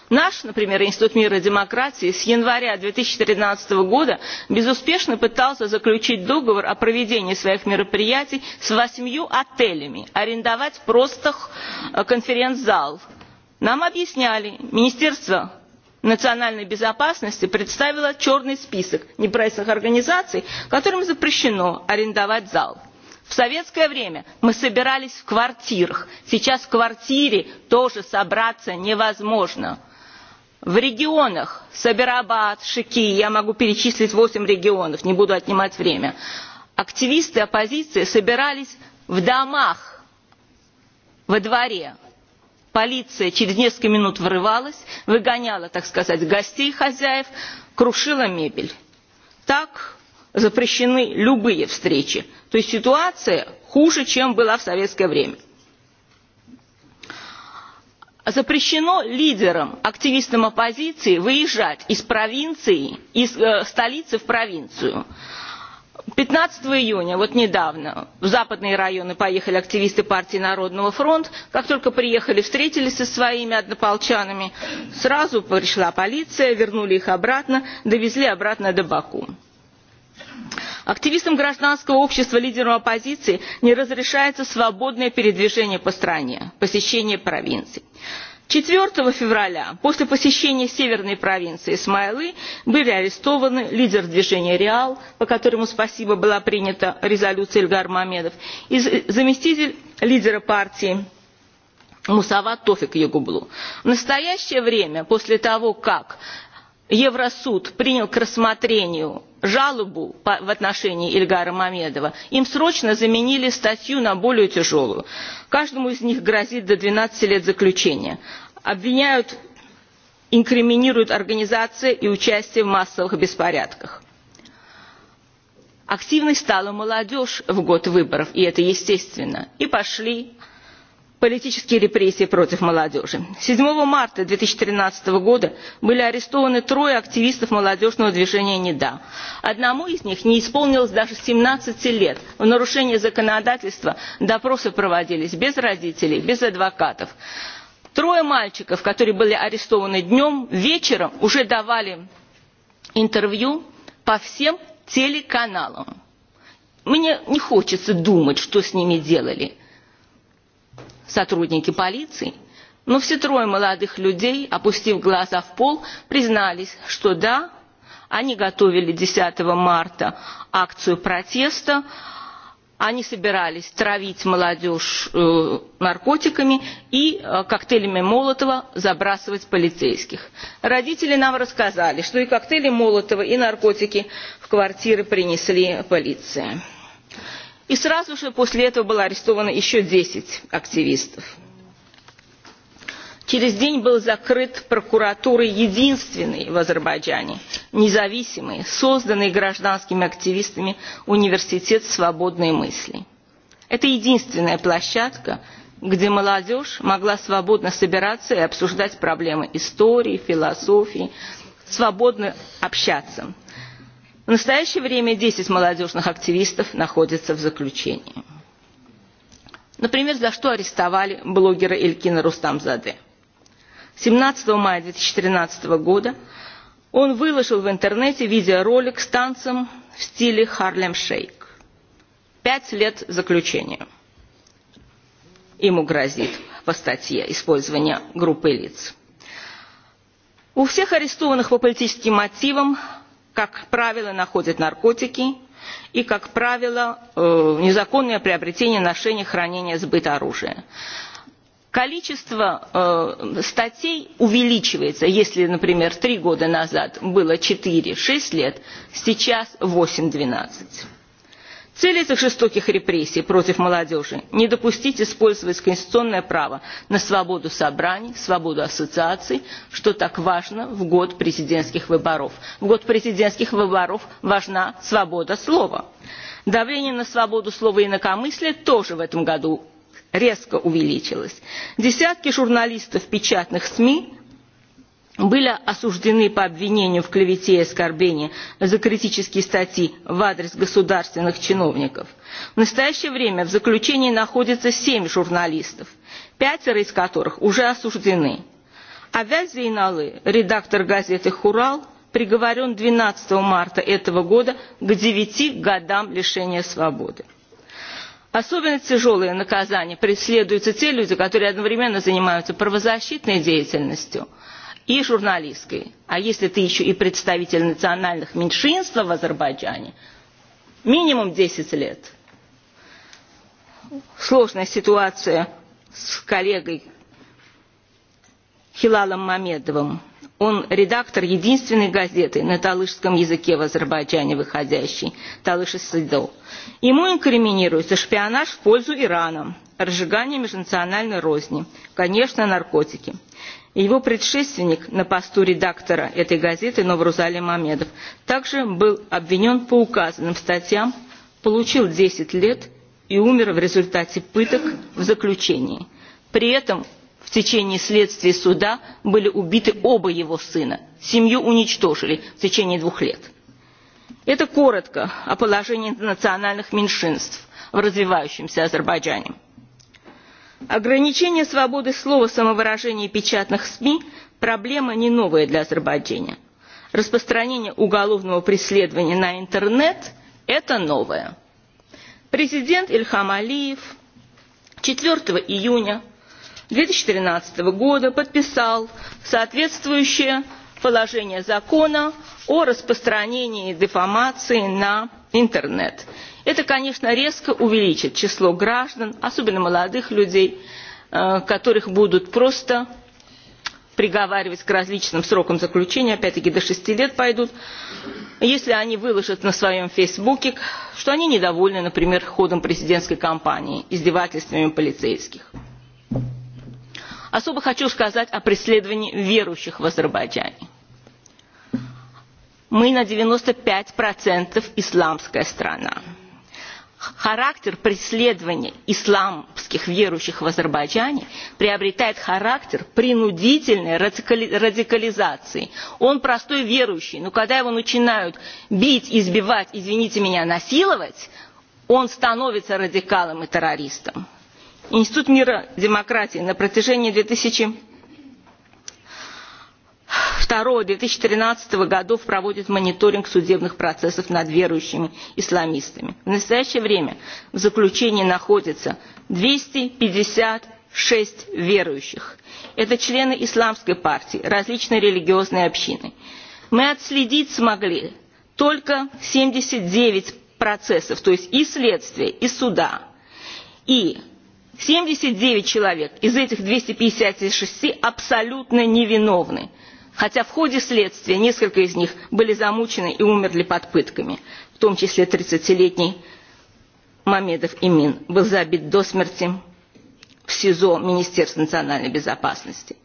Наш, например, Институт мира и демократии с января две тысячи тринадцатого года безуспешно пытался заключить договор о проведении своих мероприятий с восемью отелями, арендовать просто конференц-зал. Нам объясняли, Министерство национальной безопасности представило черный список непрессных организаций, которым запрещено арендовать зал. В советское время мы собирались в квартирах. Сейчас в квартире тоже собраться невозможно в регионах сабирабад шики я могу перечислить восемь регионов не буду отнимать время активисты оппозиции собирались в домах во дворе полиция через несколько минут врывалась выгоняла так сказать гостей хозяев крушила мебель так запрещены любые встречи то есть ситуация хуже чем была в советское время запрещено лидерам активистам оппозиции выезжать из провинции из столицы в провинцию. 15 июня, вот недавно, в западные районы поехали активисты партии Народного фронта. Как только приехали, встретились со своими однополчанами, сразу пришла полиция, вернули их обратно, довезли обратно до Баку активистам гражданского общества лидерам оппозиции не разрешается свободное передвижение по стране посещение провинций. 4 февраля после посещения северной провинции Исмаилы были арестованы лидер движения «Реал», по которому, спасибо, была принята резолюция эльгар Мамедов, и заместитель лидера партии Мусават Тофик Ягублу. В настоящее время, после того, как Евросуд принял к рассмотрению жалобу в отношении Ильгара Мамедова, им срочно заменили статью на более тяжелую. Каждому из них грозит до 12 лет заключения. Обвиняют, инкриминируют организации и участие в массовых беспорядках. Активной стала молодежь в год выборов, и это естественно. И пошли политические репрессии против молодежи. 7 марта 2013 года были арестованы трое активистов молодежного движения «Неда». Одному из них не исполнилось даже 17 лет. В нарушении законодательства допросы проводились без родителей, без адвокатов. Трое мальчиков, которые были арестованы днем, вечером уже давали интервью по всем телеканалам. Мне не хочется думать, что с ними делали сотрудники полиции, но все трое молодых людей, опустив глаза в пол, признались, что да, они готовили 10 марта акцию протеста, они собирались травить молодежь наркотиками и коктейлями молотова забрасывать полицейских. родители нам рассказали что и коктейли молотова и наркотики в квартиры принесли полиция и сразу же после этого было арестовано еще 10 активистов. Через день был закрыт прокуратурой единственный в Азербайджане, независимый, созданный гражданскими активистами Университет свободной мысли. Это единственная площадка, где молодежь могла свободно собираться и обсуждать проблемы истории, философии, свободно общаться. В настоящее время 10 молодежных активистов находятся в заключении. Например, за что арестовали блогера Элькина Рустамзаде. 17 мая 2013 года он выложил в интернете видеоролик с танцем в стиле Харлем Шейк. Пять лет заключения. Ему грозит по статье использования группы лиц. У всех арестованных по политическим мотивам как правило находят наркотики и как правило незаконное приобретение ношение хранение сбыт оружия количество статей увеличивается если например три года назад было четыре шесть лет сейчас восемь двенадцать Цель этих жестоких репрессий против молодежи – не допустить использовать конституционное право на свободу собраний, свободу ассоциаций, что так важно в год президентских выборов. В год президентских выборов важна свобода слова. Давление на свободу слова и инакомыслия тоже в этом году резко увеличилось. Десятки журналистов печатных СМИ были осуждены по обвинению в клевете и оскорблении за критические статьи в адрес государственных чиновников. В настоящее время в заключении находятся семь журналистов, пятеро из которых уже осуждены. Авяз Зейналы, редактор газеты «Хурал», приговорен 12 марта этого года к девяти годам лишения свободы. Особенно тяжелые наказания преследуются те люди, которые одновременно занимаются правозащитной деятельностью – и журналисткой. А если ты еще и представитель национальных меньшинств в Азербайджане, минимум 10 лет. Сложная ситуация с коллегой Хилалом Мамедовым. Он редактор единственной газеты на талышском языке в Азербайджане выходящей «Талыш и Сыдо». Ему инкриминируется шпионаж в пользу Ирана, разжигание межнациональной розни, конечно, наркотики. Его предшественник на посту редактора этой газеты Новрузали Мамедов также был обвинен по указанным статьям, получил 10 лет и умер в результате пыток в заключении. При этом в течение следствия суда были убиты оба его сына. Семью уничтожили в течение двух лет. Это коротко о положении национальных меньшинств в развивающемся Азербайджане. Ограничение свободы слова, самовыражения и печатных СМИ – проблема не новая для Азербайджана. Распространение уголовного преследования на интернет – это новое. Президент Ильхам Алиев 4 июня 2013 года подписал соответствующее положение закона о распространении дефамации на интернет это конечно резко увеличит число граждан особенно молодых людей которых будут просто приговаривать к различным срокам заключения опять таки до шести лет пойдут если они выложат на своем фейсбуке что они недовольны например ходом президентской кампании издевательствами полицейских. особо хочу сказать о преследовании верующих в азербайджане. мы на девяносто пять процентов исламская страна характер преследования исламских верующих в азербайджане приобретает характер принудительной радикализации он простой верующий но когда его начинают бить избивать извините меня насиловать он становится радикалом и террористом институт мира демократии на протяжении две тысячи второго две тысячи тринадцатого годов проводит мониторинг судебных процессов над верующими исламистами в настоящее время в заключении находятся двести пятьдесят шесть верующих это члены исламской партии различные религиозные общины мы отследить смогли только семьдесят девять процессов то есть и следствия и суда и семьдесят девять человек из этих двести пятьдесят шесть абсолютно невиновны хотя в ходе следствия несколько из них были замучены и умерли под пытками в том числе 30-летний мамедов имин был забит до смерти в сизо министерства национальной безопасности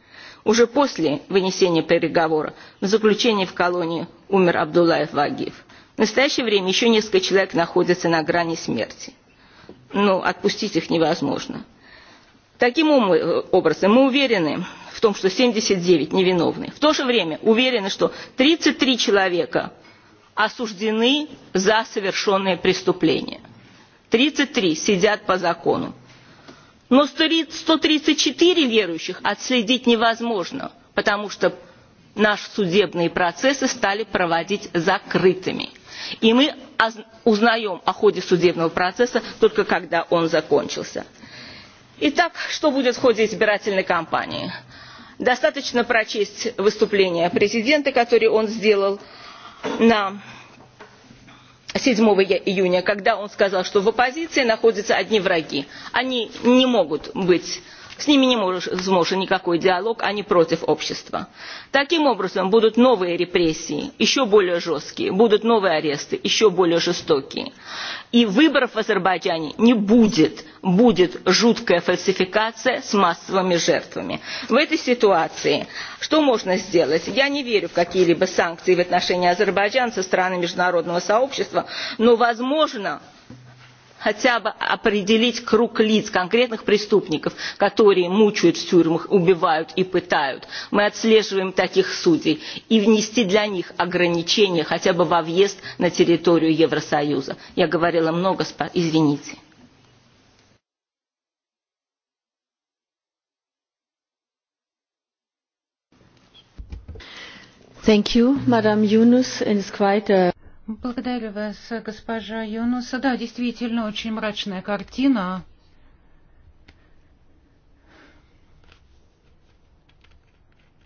уже после вынесения переговора в заключении в колонии умер абдулаев вагиев в настоящее время еще несколько человек находятся на грани смерти но отпустить их невозможно таким образом мы уверены в том, что 79 невиновны. В то же время уверены, что 33 человека осуждены за совершенные преступления. 33 сидят по закону. Но 134 верующих отследить невозможно, потому что наши судебные процессы стали проводить закрытыми. И мы узнаем о ходе судебного процесса только когда он закончился. Итак, что будет в ходе избирательной кампании? достаточно прочесть выступление президента которое он сделал на 7 июня когда он сказал что в оппозиции находятся одни враги они не могут быть С ними не возможен никакой диалог, они против общества. Таким образом, будут новые репрессии, еще более жесткие, будут новые аресты, еще более жестокие. И выборов в Азербайджане не будет. Будет жуткая фальсификация с массовыми жертвами. В этой ситуации что можно сделать? Я не верю в какие-либо санкции в отношении Азербайджана со стороны международного сообщества, но возможно хотя бы определить круг лиц конкретных преступников которые мучают в тюрьмах убивают и пытают мы отслеживаем таких судей и внести для них ограничения хотя бы во въезд на территорию евросоюза я говорила много извините Благодарю вас, госпожа Юнуса. Да, действительно, очень мрачная картина.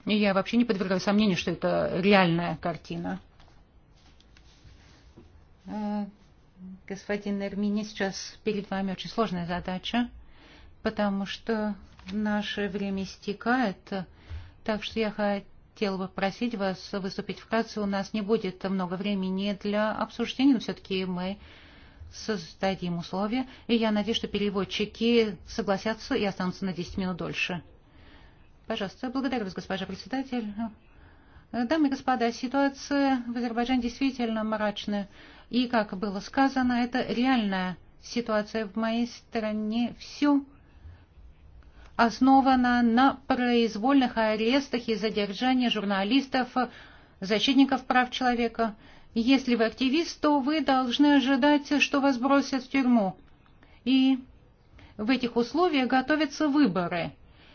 И я вообще не подвергаю сомнению, что это реальная картина. Господин Эрмини, сейчас перед вами очень сложная задача, потому что наше время истекает, так что я хотела Хотела бы просить вас выступить вкратце. У нас не будет много времени для обсуждения, но все-таки мы создадим условия. И я надеюсь, что переводчики согласятся и останутся на 10 минут дольше. Пожалуйста, благодарю вас, госпожа председатель. Дамы и господа, ситуация в Азербайджане действительно мрачная. И, как было сказано, это реальная ситуация в моей стране. все основана на произвольных арестах и задержании журналистов, защитников прав человека. Если вы активист, то вы должны ожидать, что вас бросят в тюрьму. И в этих условиях готовятся выборы.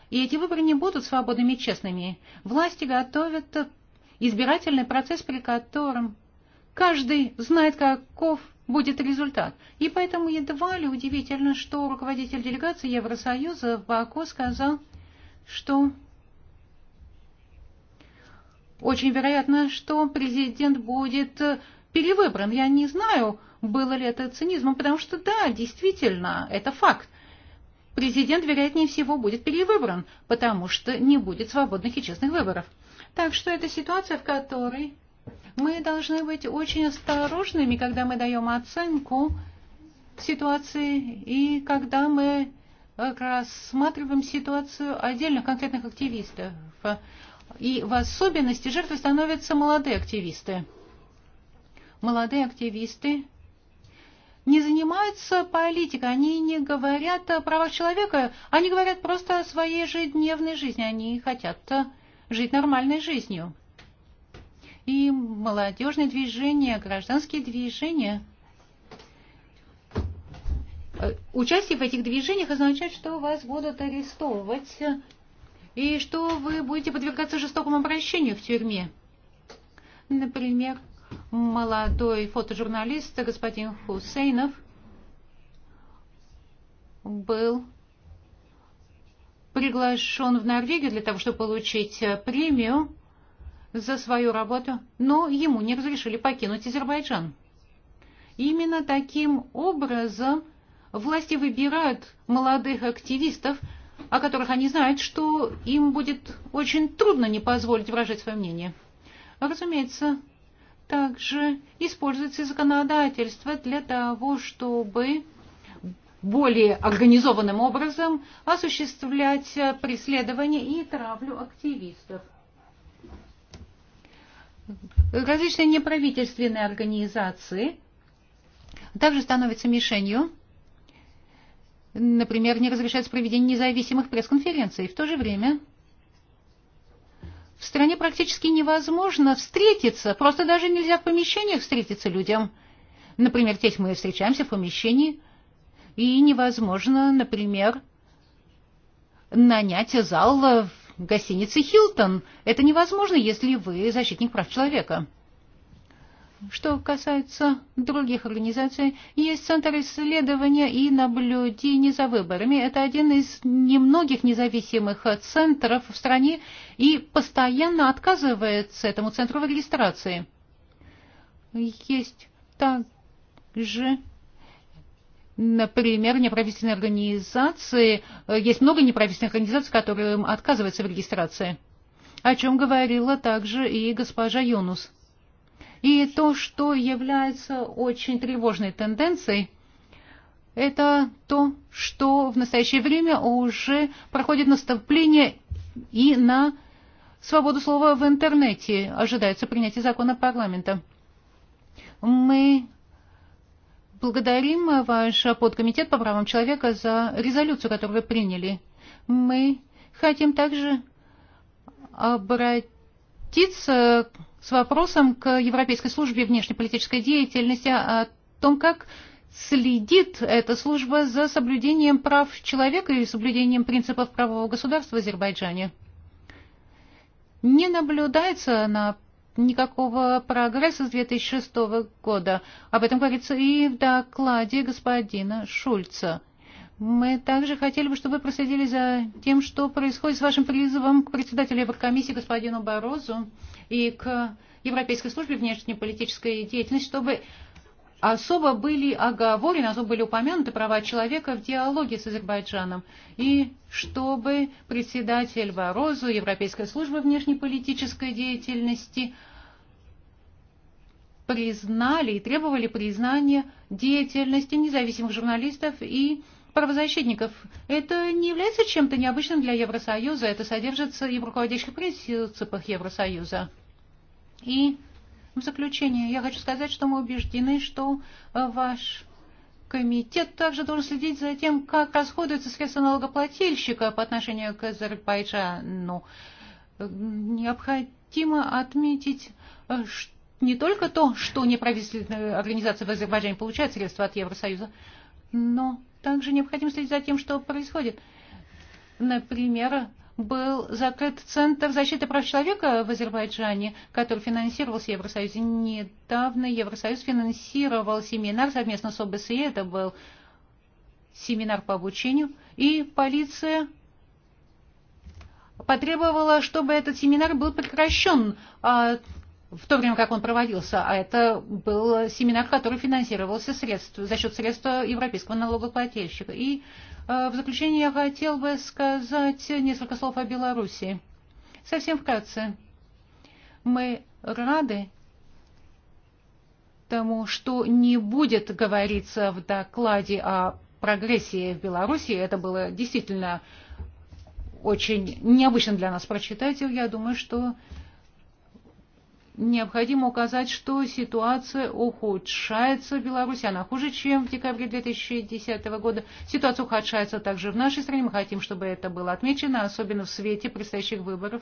И эти выборы не будут свободными и честными. Власти готовят избирательный процесс, при котором каждый знает, каков будет результат. И поэтому едва ли удивительно, что руководитель делегации Евросоюза в Баку сказал, что очень вероятно, что президент будет перевыбран. Я не знаю, было ли это цинизмом, потому что да, действительно, это факт. Президент, вероятнее всего, будет перевыбран, потому что не будет свободных и честных выборов. Так что это ситуация, в которой Мы должны быть очень осторожными, когда мы даем оценку ситуации и когда мы рассматриваем ситуацию отдельных конкретных активистов. И в особенности жертвы становятся молодые активисты. Молодые активисты не занимаются политикой, они не говорят о правах человека, они говорят просто о своей ежедневной жизни, они хотят жить нормальной жизнью и молодежные движения, гражданские движения. Участие в этих движениях означает, что вас будут арестовывать и что вы будете подвергаться жестокому обращению в тюрьме. Например, молодой фотожурналист господин Хусейнов был приглашен в Норвегию для того, чтобы получить премию за свою работу, но ему не разрешили покинуть Азербайджан. Именно таким образом власти выбирают молодых активистов, о которых они знают, что им будет очень трудно не позволить выражать свое мнение. Разумеется, также используется законодательство для того, чтобы более организованным образом осуществлять преследование и травлю активистов различные неправительственные организации также становятся мишенью. Например, не разрешается проведение независимых пресс-конференций. В то же время в стране практически невозможно встретиться, просто даже нельзя в помещениях встретиться людям. Например, здесь мы встречаемся в помещении, и невозможно, например, нанять зал гостиницы «Хилтон». Это невозможно, если вы защитник прав человека. Что касается других организаций, есть Центр исследования и наблюдения за выборами. Это один из немногих независимых центров в стране и постоянно отказывается этому центру в регистрации. Есть также Например, неправительственные организации, есть много неправительственных организаций, которые отказываются в регистрации, о чем говорила также и госпожа Юнус. И то, что является очень тревожной тенденцией, это то, что в настоящее время уже проходит наступление и на свободу слова в интернете. Ожидается принятие закона парламента. Мы Благодарим ваш подкомитет по правам человека за резолюцию, которую вы приняли. Мы хотим также обратиться с вопросом к Европейской службе внешнеполитической деятельности о том, как следит эта служба за соблюдением прав человека и соблюдением принципов правового государства в Азербайджане. Не наблюдается на никакого прогресса с 2006 года. Об этом говорится и в докладе господина Шульца. Мы также хотели бы, чтобы вы проследили за тем, что происходит с вашим призывом к председателю Еврокомиссии господину Борозу и к Европейской службе внешнеполитической деятельности, чтобы особо были оговорены, особо были упомянуты права человека в диалоге с Азербайджаном. И чтобы председатель ворозу Европейской службы внешнеполитической деятельности признали и требовали признания деятельности независимых журналистов и правозащитников. Это не является чем-то необычным для Евросоюза, это содержится и в руководящих принципах Евросоюза. И В заключение, я хочу сказать, что мы убеждены, что ваш комитет также должен следить за тем, как расходуются средства налогоплательщика по отношению к Азербайджану. Необходимо отметить, что не только то, что неправительственные организации в Азербайджане получают средства от Евросоюза, но также необходимо следить за тем, что происходит. Например, был закрыт Центр защиты прав человека в Азербайджане, который финансировался Евросоюзом. Недавно Евросоюз финансировал семинар совместно с ОБСЕ, это был семинар по обучению, и полиция потребовала, чтобы этот семинар был прекращен а, в то время, как он проводился. А это был семинар, который финансировался средств, за счет средств европейского налогоплательщика. И В заключение я хотел бы сказать несколько слов о Беларуси. Совсем вкратце. Мы рады тому, что не будет говориться в докладе о прогрессии в Беларуси. Это было действительно очень необычно для нас прочитать. Я думаю, что необходимо указать, что ситуация ухудшается в Беларуси. Она хуже, чем в декабре 2010 года. Ситуация ухудшается также в нашей стране. Мы хотим, чтобы это было отмечено, особенно в свете предстоящих выборов.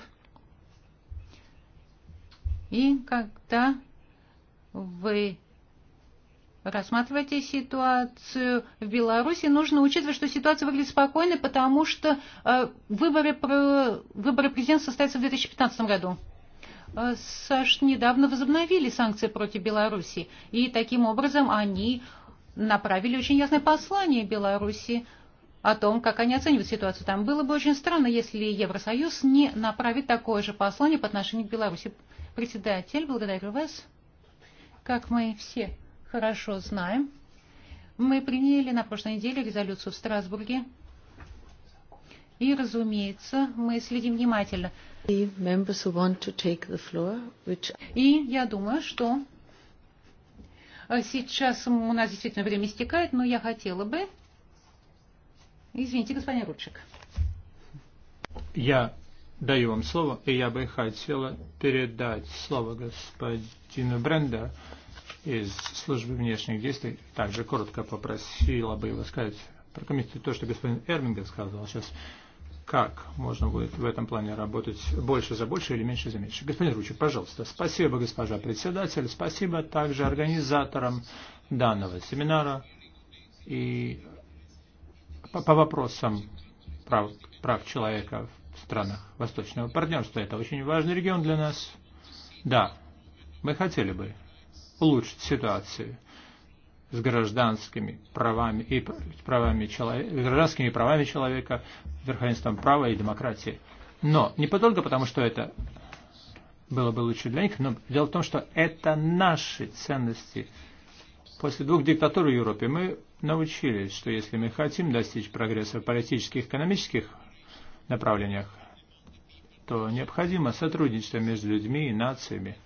И когда вы рассматриваете ситуацию в Беларуси, нужно учитывать, что ситуация выглядит спокойной, потому что э, выборы, выборы президента состоятся в 2015 году саш недавно возобновили санкции против Беларуси, и таким образом они направили очень ясное послание Беларуси о том, как они оценивают ситуацию там. Было бы очень странно, если Евросоюз не направит такое же послание по отношению к Беларуси. Председатель, благодарю вас. Как мы все хорошо знаем, мы приняли на прошлой неделе резолюцию в Страсбурге И, разумеется, мы следим внимательно. Floor, И я думаю, что сейчас у нас действительно время истекает, но я хотела бы... Извините, господин Рудчик. Я даю вам слово, и я бы хотела передать слово господину Бренда из службы внешних действий. Также коротко попросила бы его сказать прокомментировать то, что господин Эрмингер сказал сейчас как можно будет в этом плане работать больше за больше или меньше за меньше. Господин Ручик, пожалуйста. Спасибо, госпожа председатель. Спасибо также организаторам данного семинара и по, по вопросам прав, прав человека в странах Восточного партнерства. Это очень важный регион для нас. Да, мы хотели бы улучшить ситуацию с гражданскими правами и правами человека, гражданскими правами человека, верховенством права и демократии. Но не только потому, что это было бы лучше для них, но дело в том, что это наши ценности. После двух диктатур в Европе мы научились, что если мы хотим достичь прогресса в политических и экономических направлениях, то необходимо сотрудничество между людьми и нациями.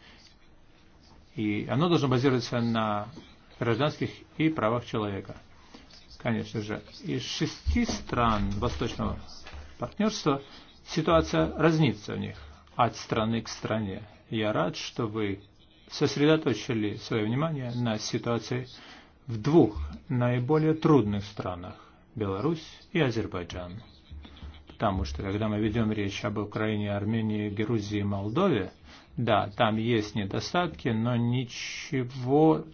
И оно должно базироваться на гражданских и правах человека. Конечно же, из шести стран Восточного партнерства ситуация разнится в них от страны к стране. Я рад, что вы сосредоточили свое внимание на ситуации в двух наиболее трудных странах – Беларусь и Азербайджан. Потому что, когда мы ведем речь об Украине, Армении, Грузии и Молдове, да, там есть недостатки, но ничего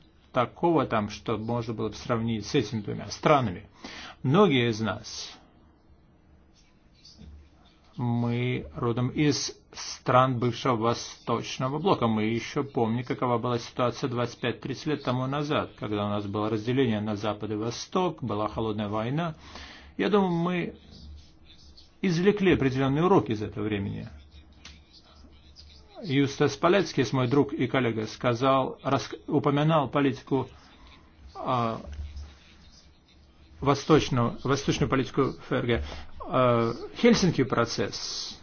такого там, что можно было бы сравнить с этими двумя странами. Многие из нас, мы родом из стран бывшего Восточного блока. Мы еще помним, какова была ситуация 25-30 лет тому назад, когда у нас было разделение на Запад и Восток, была холодная война. Я думаю, мы извлекли определенные уроки из этого времени. Юстас Палецкис, мой друг и коллега, сказал, рас, упоминал политику а, восточную, восточную политику ФРГ. А, Хельсинки процесс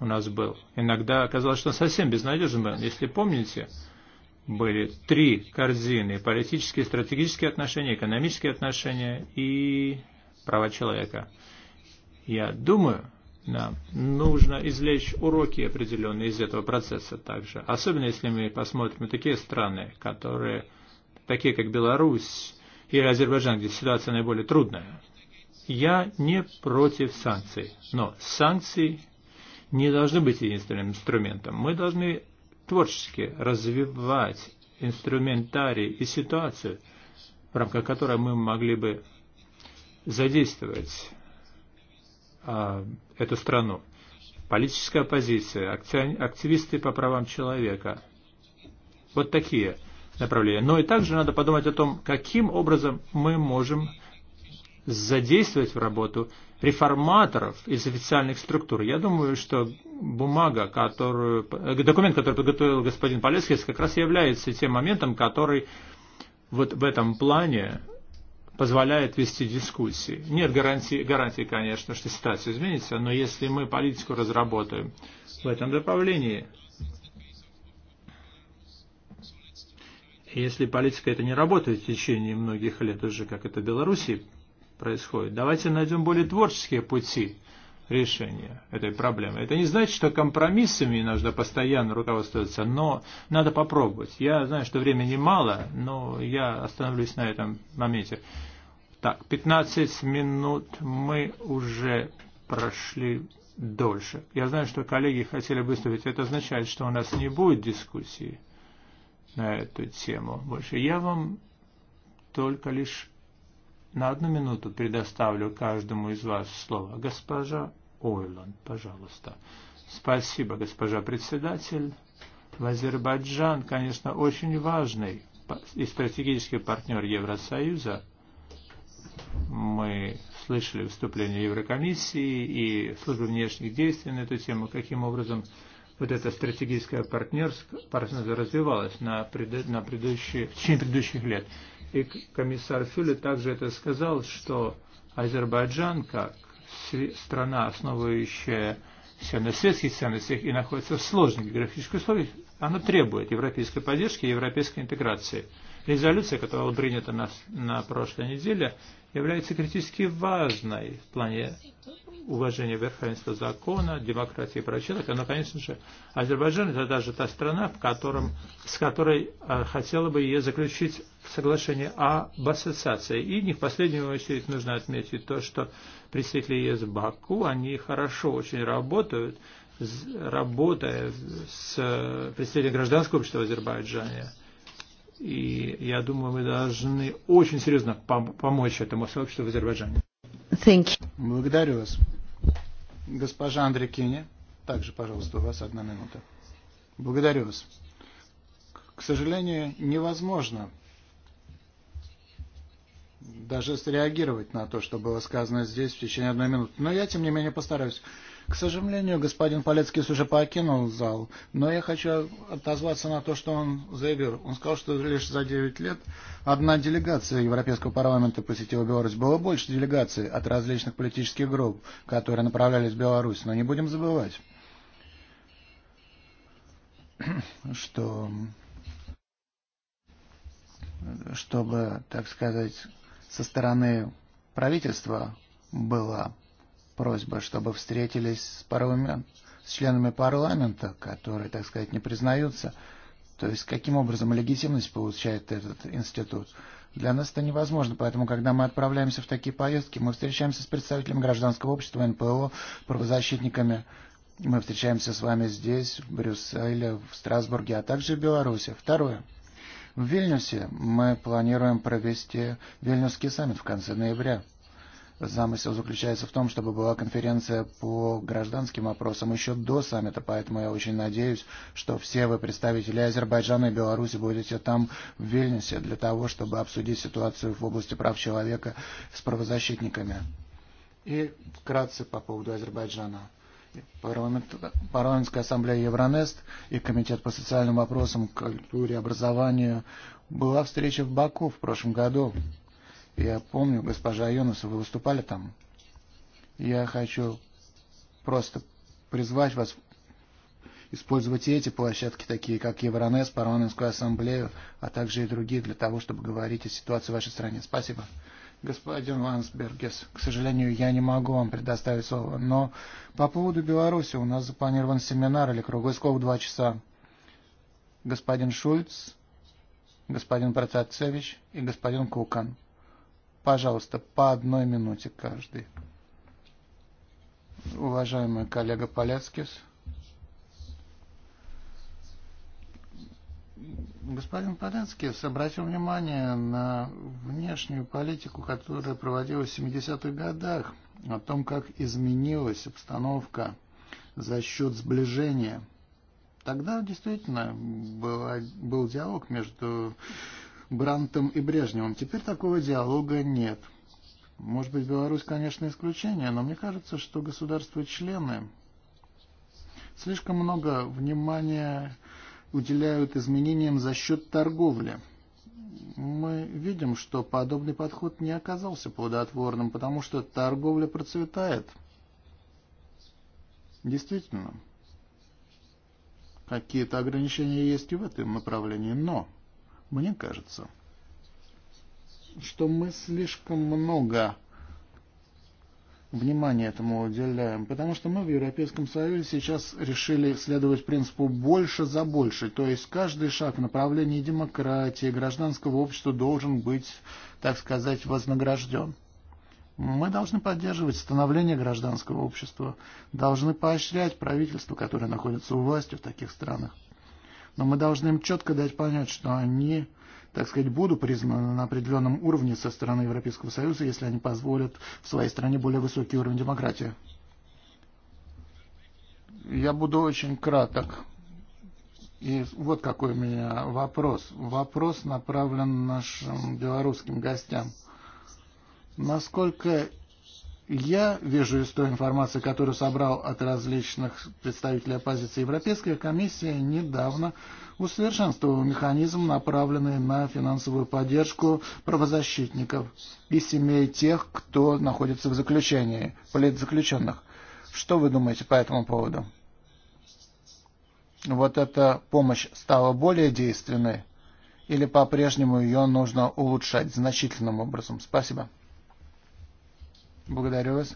у нас был. Иногда оказалось, что он совсем безнадежен был. Если помните, были три корзины. Политические, стратегические отношения, экономические отношения и права человека. Я думаю, Да. нужно извлечь уроки определенные из этого процесса также. Особенно если мы посмотрим на такие страны, которые, такие как Беларусь или Азербайджан, где ситуация наиболее трудная. Я не против санкций, но санкции не должны быть единственным инструментом. Мы должны творчески развивать инструментарий и ситуацию, в рамках которой мы могли бы задействовать эту страну. Политическая оппозиция, активисты по правам человека. Вот такие направления. Но и также надо подумать о том, каким образом мы можем задействовать в работу реформаторов из официальных структур. Я думаю, что бумага, которую, документ, который подготовил господин Полесский, как раз является тем моментом, который вот в этом плане позволяет вести дискуссии. Нет гарантии, гарантии, конечно, что ситуация изменится, но если мы политику разработаем в этом направлении, если политика это не работает в течение многих лет уже, как это в Беларуси происходит, давайте найдем более творческие пути решения этой проблемы. Это не значит, что компромиссами нужно постоянно руководствоваться, но надо попробовать. Я знаю, что времени мало, но я остановлюсь на этом моменте. Так, 15 минут мы уже прошли дольше. Я знаю, что коллеги хотели выступить. Это означает, что у нас не будет дискуссии на эту тему больше. Я вам только лишь на одну минуту предоставлю каждому из вас слово. Госпожа Ойланд, пожалуйста. Спасибо, госпожа председатель. В Азербайджан, конечно, очень важный и стратегический партнер Евросоюза. Мы слышали выступление Еврокомиссии и службы внешних действий на эту тему, каким образом вот это стратегическое партнерство, развивалось на, на предыдущие, в течение предыдущих лет. И комиссар Фюле также это сказал, что Азербайджан как страна, основывающаяся на светских ценностях и находится в сложных географических условиях, она требует европейской поддержки и европейской интеграции. Резолюция, которая была принята на, на прошлой неделе, является критически важной в плане уважения верховенства закона, демократии и прав человека, но, конечно же, Азербайджан – это даже та страна, в котором, с которой хотела бы ее заключить соглашение об ассоциации. И не в последнюю очередь нужно отметить то, что представители ЕС Баку, они хорошо очень работают, работая с представителями гражданского общества в Азербайджане. И я думаю, мы должны очень серьезно помочь этому сообществу в Азербайджане. Thank you. Благодарю вас. Госпожа Андрекине, также, пожалуйста, у вас одна минута. Благодарю вас. К сожалению, невозможно даже среагировать на то, что было сказано здесь в течение одной минуты. Но я, тем не менее, постараюсь. К сожалению, господин Полецкий уже покинул зал, но я хочу отозваться на то, что он заявил. Он сказал, что лишь за 9 лет одна делегация Европейского парламента посетила Беларусь. Было больше делегаций от различных политических групп, которые направлялись в Беларусь, но не будем забывать, что чтобы, так сказать, со стороны правительства была просьба, чтобы встретились с, парламент, с членами парламента, которые, так сказать, не признаются. То есть каким образом легитимность получает этот институт? Для нас это невозможно, поэтому, когда мы отправляемся в такие поездки, мы встречаемся с представителями гражданского общества, НПО, правозащитниками. Мы встречаемся с вами здесь, в Брюсселе, в Страсбурге, а также в Беларуси. Второе. В Вильнюсе мы планируем провести Вильнюсский саммит в конце ноября замысел заключается в том, чтобы была конференция по гражданским вопросам еще до саммита, поэтому я очень надеюсь, что все вы, представители Азербайджана и Беларуси, будете там в Вильнюсе для того, чтобы обсудить ситуацию в области прав человека с правозащитниками. И вкратце по поводу Азербайджана. Парламентская ассамблея Евронест и Комитет по социальным вопросам, культуре, образованию была встреча в Баку в прошлом году. Я помню, госпожа Йонас, вы выступали там. Я хочу просто призвать вас использовать и эти площадки, такие как Евронес, Парламентскую ассамблею, а также и другие, для того, чтобы говорить о ситуации в вашей стране. Спасибо. Господин Вансбергес, к сожалению, я не могу вам предоставить слово, но по поводу Беларуси у нас запланирован семинар или круглый скол в два часа. Господин Шульц, господин Процатцевич и господин Кукан. Пожалуйста, по одной минуте каждый. Уважаемый коллега Поляцкис. Господин Поляцкис обратил внимание на внешнюю политику, которая проводилась в 70-х годах, о том, как изменилась обстановка за счет сближения. Тогда действительно был, был диалог между Брантом и Брежневым. Теперь такого диалога нет. Может быть, Беларусь, конечно, исключение, но мне кажется, что государства-члены слишком много внимания уделяют изменениям за счет торговли. Мы видим, что подобный подход не оказался плодотворным, потому что торговля процветает. Действительно, какие-то ограничения есть и в этом направлении, но Мне кажется, что мы слишком много внимания этому уделяем, потому что мы в Европейском Союзе сейчас решили следовать принципу «больше за больше», то есть каждый шаг в направлении демократии, гражданского общества должен быть, так сказать, вознагражден. Мы должны поддерживать становление гражданского общества, должны поощрять правительства, которое находится у власти в таких странах. Но мы должны им четко дать понять, что они, так сказать, будут признаны на определенном уровне со стороны Европейского Союза, если они позволят в своей стране более высокий уровень демократии. Я буду очень краток. И вот какой у меня вопрос. Вопрос направлен нашим белорусским гостям. Насколько Я вижу из той информации, которую собрал от различных представителей оппозиции, Европейская комиссия недавно усовершенствовала механизм, направленный на финансовую поддержку правозащитников и семей тех, кто находится в заключении, политзаключенных. Что вы думаете по этому поводу? Вот эта помощь стала более действенной или по-прежнему ее нужно улучшать значительным образом? Спасибо. Благодарю вас.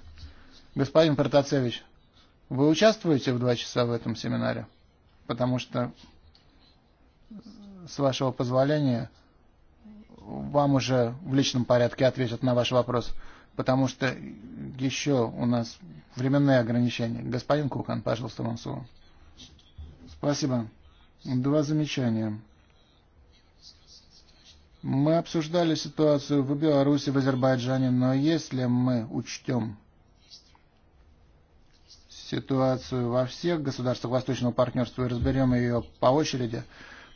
Господин Протацевич, вы участвуете в два часа в этом семинаре? Потому что, с вашего позволения, вам уже в личном порядке ответят на ваш вопрос, потому что еще у нас временные ограничения. Господин Кухан, пожалуйста, вам слово. Спасибо. Два замечания. Мы обсуждали ситуацию в Беларуси, в Азербайджане, но если мы учтем ситуацию во всех государствах Восточного партнерства и разберем ее по очереди,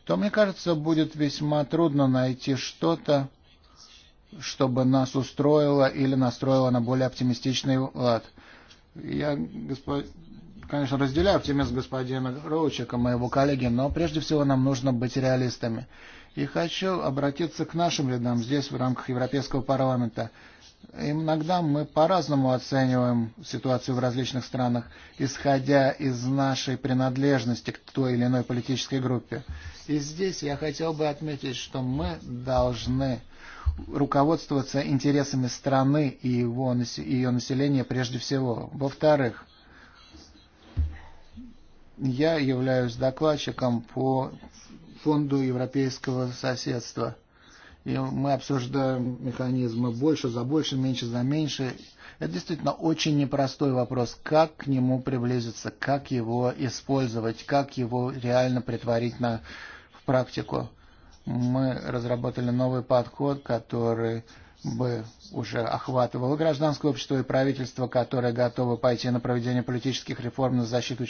то, мне кажется, будет весьма трудно найти что-то, чтобы нас устроило или настроило на более оптимистичный лад. Я, господ... конечно, разделяю оптимизм господина Роучика, моего коллеги, но прежде всего нам нужно быть реалистами. И хочу обратиться к нашим рядам здесь, в рамках Европейского парламента. Иногда мы по-разному оцениваем ситуацию в различных странах, исходя из нашей принадлежности к той или иной политической группе. И здесь я хотел бы отметить, что мы должны руководствоваться интересами страны и его, ее населения прежде всего. Во-вторых, я являюсь докладчиком по фонду европейского соседства. И мы обсуждаем механизмы больше за больше, меньше за меньше. Это действительно очень непростой вопрос, как к нему приблизиться, как его использовать, как его реально притворить на, в практику. Мы разработали новый подход, который бы уже охватывало гражданское общество и правительство, которое готово пойти на проведение политических реформ, на защиту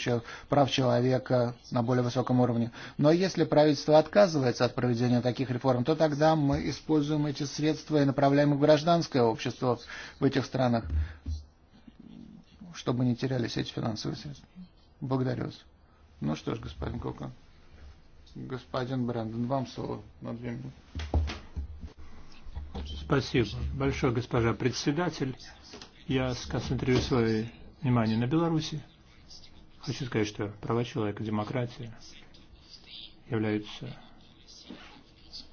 прав человека на более высоком уровне. Но если правительство отказывается от проведения таких реформ, то тогда мы используем эти средства и направляем их в гражданское общество в этих странах, чтобы не терялись эти финансовые средства. Благодарю вас. Ну что ж, господин Кока, господин Брэндон, вам слово на две минуты. Спасибо большое, госпожа председатель. Я сконцентрирую свое внимание на Беларуси. Хочу сказать, что права человека, и демократия являются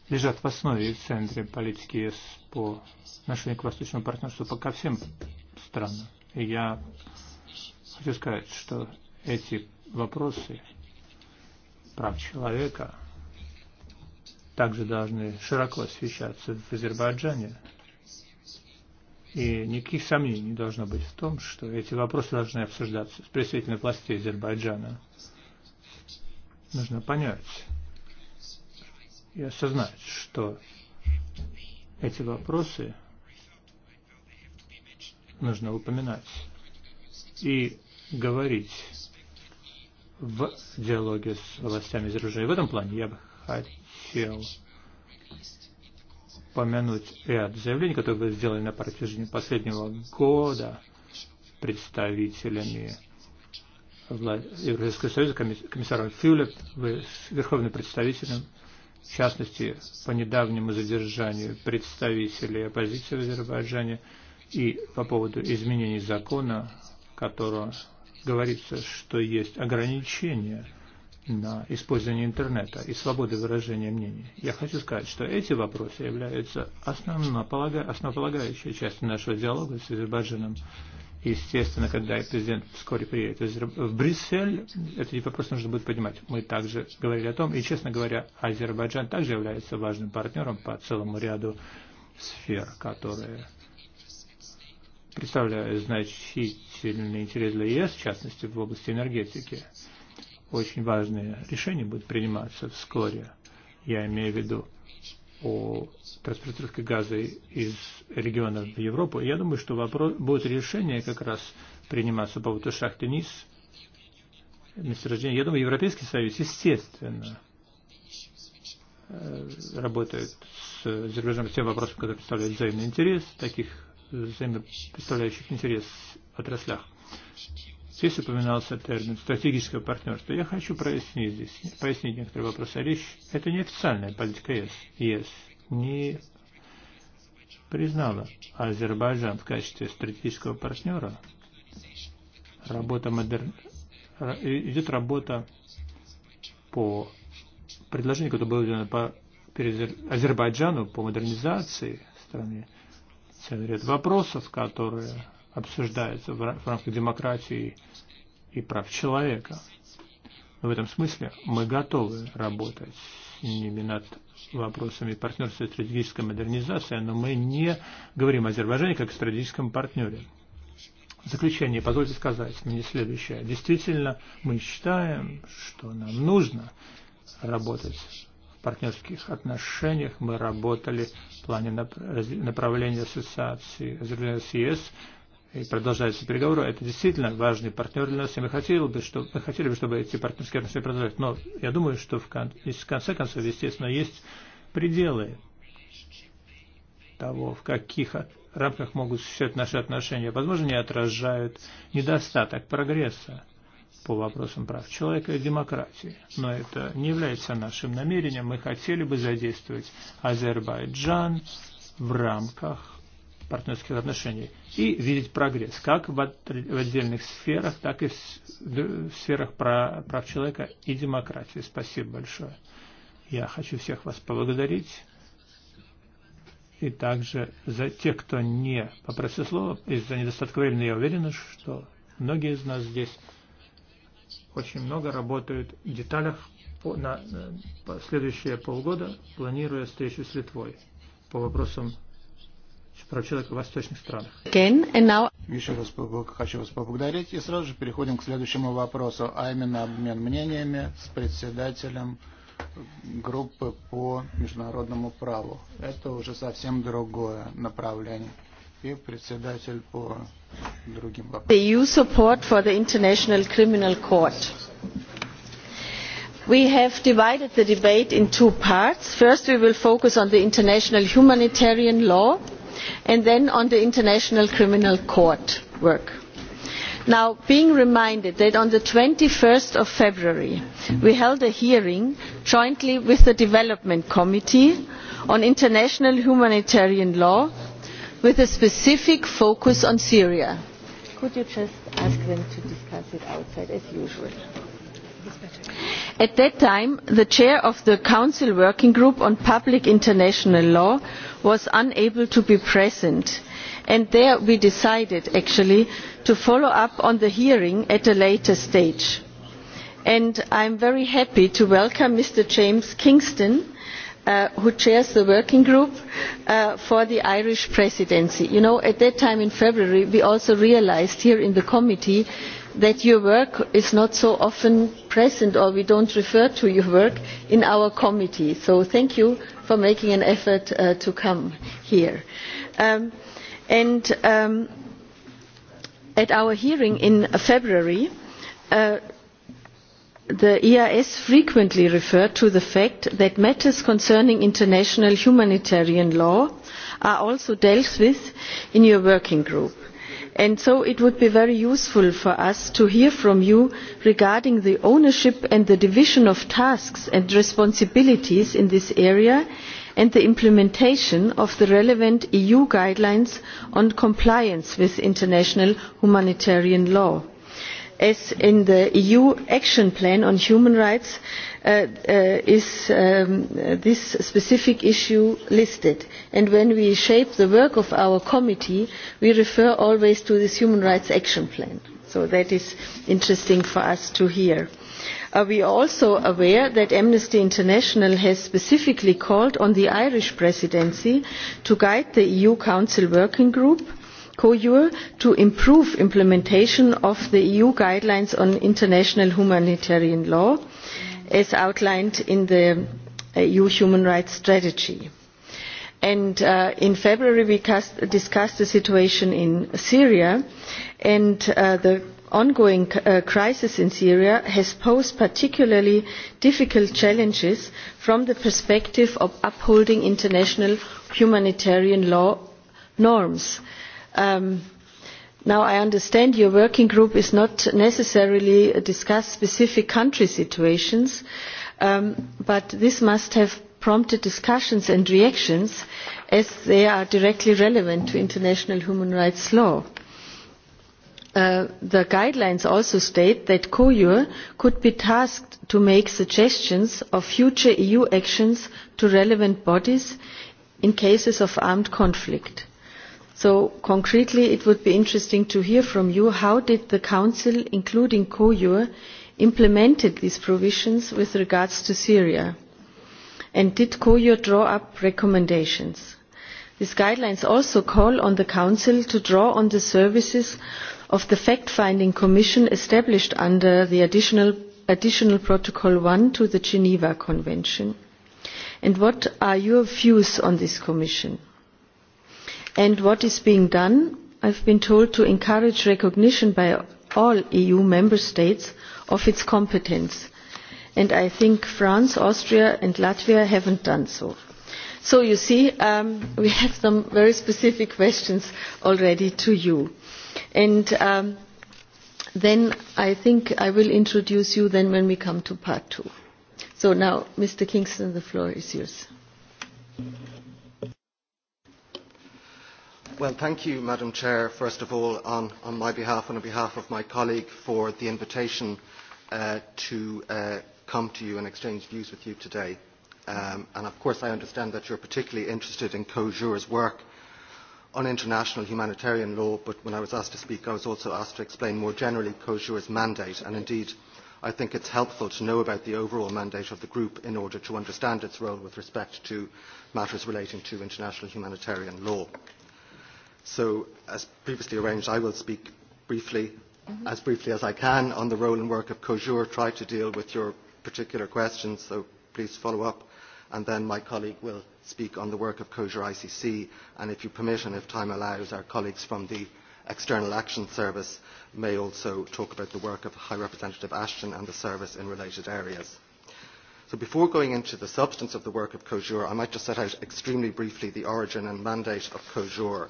лежат в основе и в центре политики ЕС по отношению к восточному партнерству ко всем странам. И я хочу сказать, что эти вопросы прав человека – также должны широко освещаться в Азербайджане. И никаких сомнений не должно быть в том, что эти вопросы должны обсуждаться с представительной власти Азербайджана. Нужно понять и осознать, что эти вопросы нужно упоминать и говорить в диалоге с властями Азербайджана. И в этом плане я бы хотел упомянуть ряд заявлений, которые были сделаны на протяжении последнего года представителями Европейского Союза, комиссаром с верховным представителем, в частности, по недавнему задержанию представителей оппозиции в Азербайджане и по поводу изменений закона, которого говорится, что есть ограничения на использование интернета и свободы выражения мнений. Я хочу сказать, что эти вопросы являются основополагающей частью нашего диалога с Азербайджаном. Естественно, когда президент вскоре приедет в Брюссель, этот вопрос нужно будет понимать. Мы также говорили о том, и, честно говоря, Азербайджан также является важным партнером по целому ряду сфер, которые представляют значительный интерес для ЕС, в частности, в области энергетики очень важные решения будут приниматься вскоре. Я имею в виду о транспортировке газа из региона в Европу. Я думаю, что вопрос, будет решение как раз приниматься по поводу шахты НИС, Я думаю, Европейский Союз, естественно, работает с Азербайджаном тем вопросом, который представляет взаимный интерес, таких взаимопредставляющих интерес отраслях. Здесь упоминался термин стратегическое партнерство. Я хочу прояснить здесь, пояснить некоторые вопросы. Речь это не официальная политика ЕС. ЕС не признала Азербайджан в качестве стратегического партнера. Работа модер... Идет работа по предложению, которое было сделано по Азербайджану по модернизации страны. Целый ряд вопросов, которые обсуждается в рамках демократии и прав человека. в этом смысле мы готовы работать с ними над вопросами партнерства и стратегической модернизации, но мы не говорим о Азербайджане как о стратегическом партнере. В заключение позвольте сказать мне следующее. Действительно, мы считаем, что нам нужно работать в партнерских отношениях. Мы работали в плане направления ассоциации с ЕС и продолжаются переговоры. Это действительно важный партнер для нас, и мы хотели бы, чтобы, мы хотели бы, чтобы эти партнерские отношения продолжались. Но я думаю, что в, конце концов, естественно, есть пределы того, в каких рамках могут существовать наши отношения. Возможно, они отражают недостаток прогресса по вопросам прав человека и демократии. Но это не является нашим намерением. Мы хотели бы задействовать Азербайджан в рамках партнерских отношений и видеть прогресс как в отдельных сферах, так и в сферах прав человека и демократии. Спасибо большое. Я хочу всех вас поблагодарить. И также за тех, кто не попросил слова, из-за недостатка времени я уверен, что многие из нас здесь очень много работают в деталях по, на, на следующие полгода, планируя встречу с Литвой по вопросам человека в восточных странах. Еще раз хочу вас поблагодарить. И сразу же переходим к следующему вопросу, а именно обмен мнениями с председателем группы по международному праву. Это уже совсем другое направление. И председатель по другим вопросам. We have divided the debate in two parts. First, we will focus on the international humanitarian law and then on the International Criminal Court work. Now, being reminded that on the 21st of February we held a hearing jointly with the Development Committee on international humanitarian law with a specific focus on Syria. Could you just ask them to discuss it outside as usual? At that time, the chair of the Council Working Group on Public International Law was unable to be present, and there we decided actually to follow up on the hearing at a later stage. And I am very happy to welcome Mr. James Kingston, who chairs the working group for the Irish presidency. You know, at that time in February, we also realised here in the committee that your work is not so often present or we do not refer to your work in our committee. So thank you for making an effort to come here. at our hearing in February, the ERS frequently referred to the fact that matters concerning international humanitarian law are also dealt with in your working group and so it would be very useful for us to hear from you regarding the ownership and the division of tasks and responsibilities in this area and the implementation of the relevant eu guidelines on compliance with international humanitarian law as in the eu action plan on human rights is this specific issue listed and when we shape the work of our committee we refer always to this human rights action plan so that is interesting for us to hear. we are also aware that amnesty international has specifically called on the irish presidency to guide the eu council working group cojur to improve implementation of the eu guidelines on international humanitarian law as outlined in the eu human rights strategy. in february we discussed the situation in syria and the ongoing crisis in syria has posed particularly difficult challenges from the perspective of upholding international humanitarian law norms Now I understand your working group is not necessarily discussing specific country situations, but this must have prompted discussions and reactions as they are directly relevant to international human rights law. The guidelines also state that COUR could be tasked to make suggestions of future EU actions to relevant bodies in cases of armed conflict. So concretely, it would be interesting to hear from you how did the Council, including COUR, implemented these provisions with regards to Syria, and did COUR draw up recommendations? These guidelines also call on the Council to draw on the services of the fact-finding commission established under the additional Protocol 1 to the Geneva Convention. And what are your views on this commission? and what is being done i have been told to encourage recognition by all eu member states of its competence and i think france austria and latvia haven't done so. so you see we have some very specific questions already to you and then i think i will introduce you then when we come to part two. so now mr kingston the floor is yours. Well, thank you, Madam Chair, first of all, on my behalf and on behalf of my colleague for the invitation to come to you and exchange views with you today. of course I understand that you are particularly interested in COJUR's work on international humanitarian law, but when I was asked to speak I was also asked to explain more generally COJUR's mandate and indeed I think it is helpful to know about the overall mandate of the group in order to understand its role with respect to matters relating to international humanitarian law. So, as previously arranged, I will speak briefly, as briefly as I can, on the role and work of COJUR, try to deal with your particular questions, so please follow up, and then my colleague will speak on the work of COJUR ICC, and if you permit and if time allows, our colleagues from the External Action Service may also talk about the work of High Representative Ashton and the service in related areas. So before going into the substance of the work of COJUR, I might just set out extremely briefly the origin and mandate of COJUR.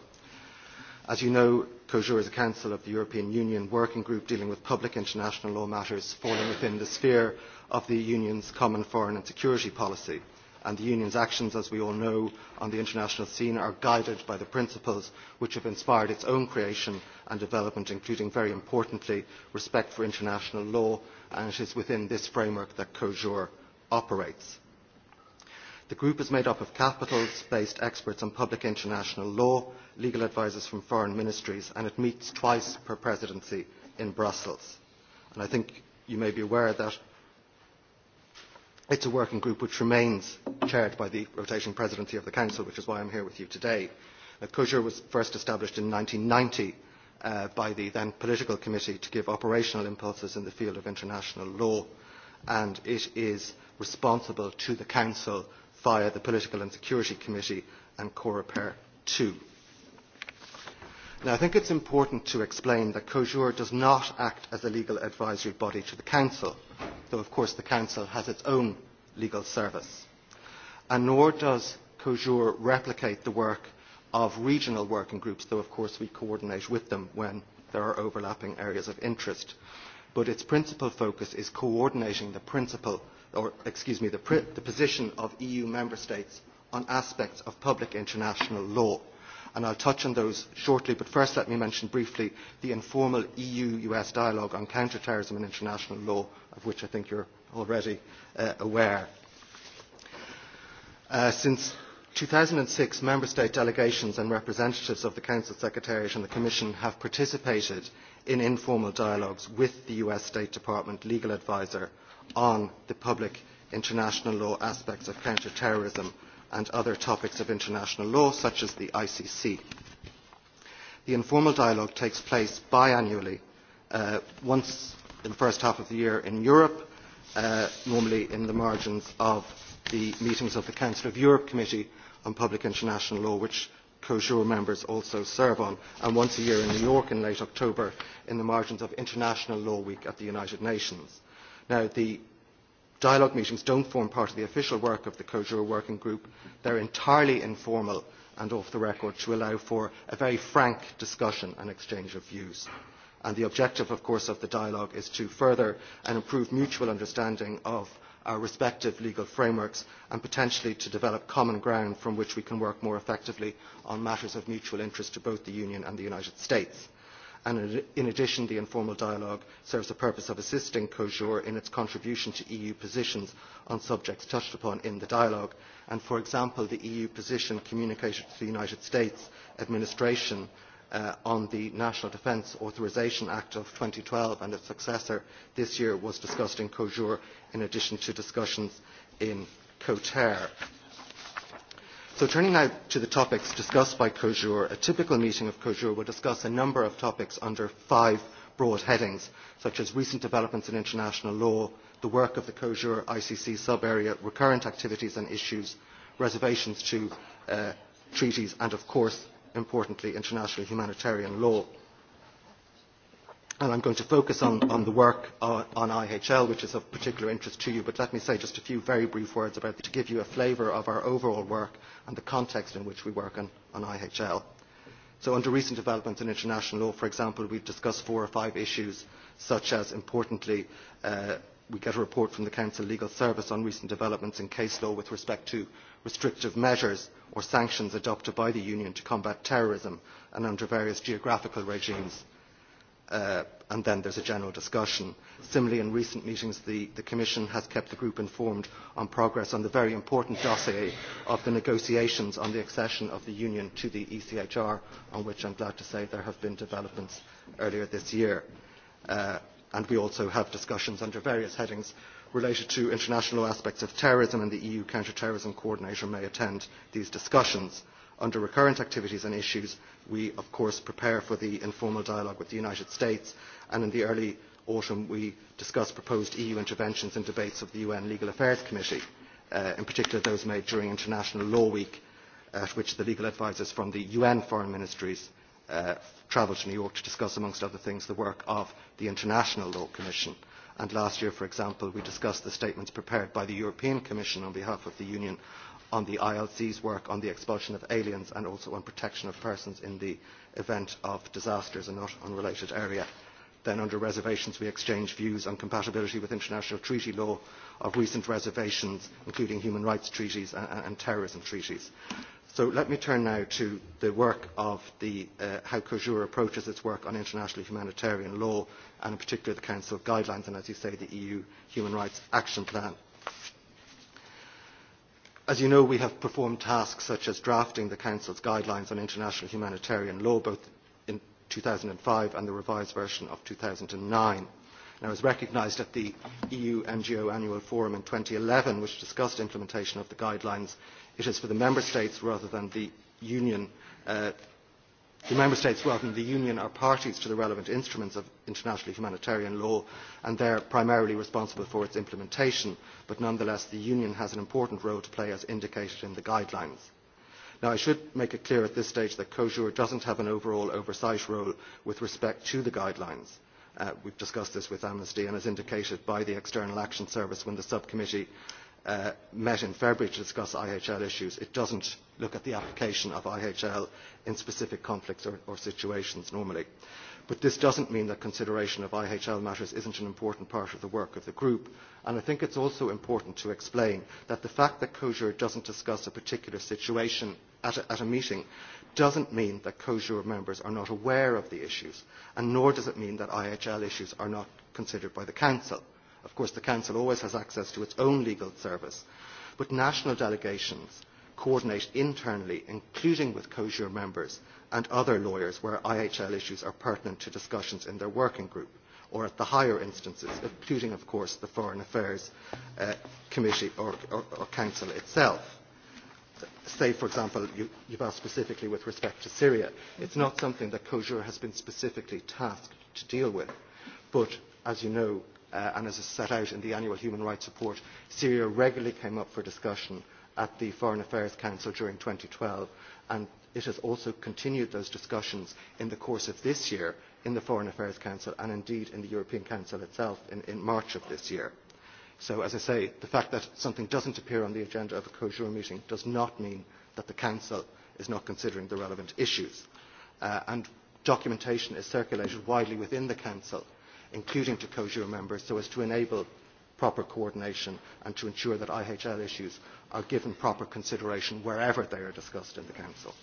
As you know, Cojur is a Council of the European Union working group dealing with public international law matters falling within the sphere of the Union's common foreign and security policy. And the Union's actions, as we all know, on the international scene are guided by the principles which have inspired its own creation and development, including, very importantly, respect for international law, and it is within this framework that Cojur operates. The group is made up of capitals-based experts on public international law, legal advisers from foreign ministries, and it meets twice per presidency in Brussels. And I think you may be aware that it's a working group which remains chaired by the rotating presidency of the Council, which is why I'm here with you today. COSURE was first established in 1990 by the then political committee to give operational impulses in the field of international law, and it is responsible to the Council via the Political and Security Committee and Coreper 2. I think it's important to explain that Cojur does not act as a legal advisory body to the Council, though of course the Council has its own legal service, and nor does Cojur replicate the work of regional working groups, though of course we coordinate with them when there are overlapping areas of interest. But its principal focus is coordinating the principle or excuse me, the position of EU member states on aspects of public international law. And I'll touch on those shortly, but first let me mention briefly the informal EU-US dialogue on counterterrorism and international law, of which I think you're already aware. Since 2006, member state delegations and representatives of the Council Secretariat and the Commission have participated in informal dialogues with the US State Department legal adviser on the public international law aspects of counter terrorism and other topics of international law such as the icc. the informal dialogue takes place biannually once in the first half of the year in europe normally in the margins of the meetings of the council of europe committee on public international law which cosur members also serve on and once a year in new york in late october in the margins of international law week at the united nations the dialogue meetings do not form part of the official work of the COJURA working group. they are entirely informal and off the record to allow for a very frank discussion and exchange of views. the objective, of course, of the dialogue is to further and improve mutual understanding of our respective legal frameworks and potentially to develop common ground from which we can work more effectively on matters of mutual interest to both the Union and the United States and in addition the informal dialogue serves the purpose of assisting cosur in its contribution to eu positions on subjects touched upon in the dialogue and for example the eu position communicated to the united states administration on the national defence authorisation act of 2012 and its successor this year was discussed in cosur in addition to discussions in coter. So turning now to the topics discussed by Cojur, a typical meeting of Cojur will discuss a number of topics under five broad headings, such as recent developments in international law, the work of the Cojur ICC sub-area, recurrent activities and issues, reservations to treaties and, of course, importantly, international humanitarian law and I'm going to focus on the work on IHL, which is of particular interest to you, but let me say just a few very brief words about to give you a flavour of our overall work and the context in which we work on IHL. So under recent developments in international law, for example, we've discussed four or five issues, such as, importantly, we get a report from the Council Legal Service on recent developments in case law with respect to restrictive measures or sanctions adopted by the Union to combat terrorism and under various geographical regimes and then there is a general discussion. Similarly, in recent meetings, the Commission has kept the group informed on progress on the very important dossier of the negotiations on the accession of the Union to the ECHR, on which I am glad to say there have been developments earlier this year. And we also have discussions under various headings related to international aspects of terrorism, and the EU counter-terrorism coordinator may attend these discussions under recurrent activities and issues, we, of course, prepare for the informal dialogue with the United States, and in the early autumn we discuss proposed EU interventions and debates of the UN Legal Affairs Committee, in particular those made during International Law Week, at which the legal advisers from the UN foreign ministries travelled to New York to discuss, amongst other things, the work of the International Law Commission. And last year, for example, we discussed the statements prepared by the European Commission on behalf of the Union on the ILC's work on the expulsion of aliens and also on protection of persons in the event of disasters, a not unrelated area. Then under reservations we exchange views on compatibility with international treaty law of recent reservations, including human rights treaties and terrorism treaties. So let me turn now to the work of the how COSUR approaches its work on international humanitarian law and in particular the Council guidelines and, as you say, the EU Human Rights Action Plan. As you know, we have performed tasks such as drafting the Council's guidelines on international humanitarian law, both in 2005 and the revised version of 2009. I was recognised at the EU NGO Annual Forum in 2011, which discussed implementation of the guidelines. It is for the Member States rather than the Union The Member States welcome the Union are parties to the relevant instruments of international humanitarian law and they are primarily responsible for its implementation, but nonetheless the Union has an important role to play as indicated in the guidelines. I should make it clear at this stage that COSUR not have an overall oversight role with respect to the guidelines. We have discussed this with Amnesty and as indicated by the External Action Service when the subcommittee met in February to discuss IHL issues, it does not look at the application of IHL in specific conflicts or situations normally. But this does not mean that consideration of IHL matters is not an important part of the work of the group, and I think it is also important to explain that the fact that COSUR not discuss a particular situation at a meeting does not mean that COSUR members are not aware of the issues, and nor does it mean that IHL issues are not considered by the Council. Of course, the Council always has access to its own legal service, but national delegations coordinate internally, including with COSURE members and other lawyers where IHL issues are pertinent to discussions in their working group or at the higher instances, including, of course, the Foreign Affairs Committee or Council itself. Say, for example, you've asked specifically with respect to Syria. It's not something that COSURE has been specifically tasked to deal with, but, as you know, and as is set out in the annual human rights report, Syria regularly came up for discussion at the Foreign Affairs Council during 2012, and it has also continued those discussions in the course of this year in the Foreign Affairs Council and indeed in the European Council itself in March of this year. So, as I say, the fact that something doesn't appear on the agenda of a COJUR meeting does not mean that the Council is not considering the relevant issues. And documentation is circulated widely within the Council including to COSURE members, so as to enable proper coordination and to ensure that IHL issues are given proper consideration wherever they are discussed in the Council.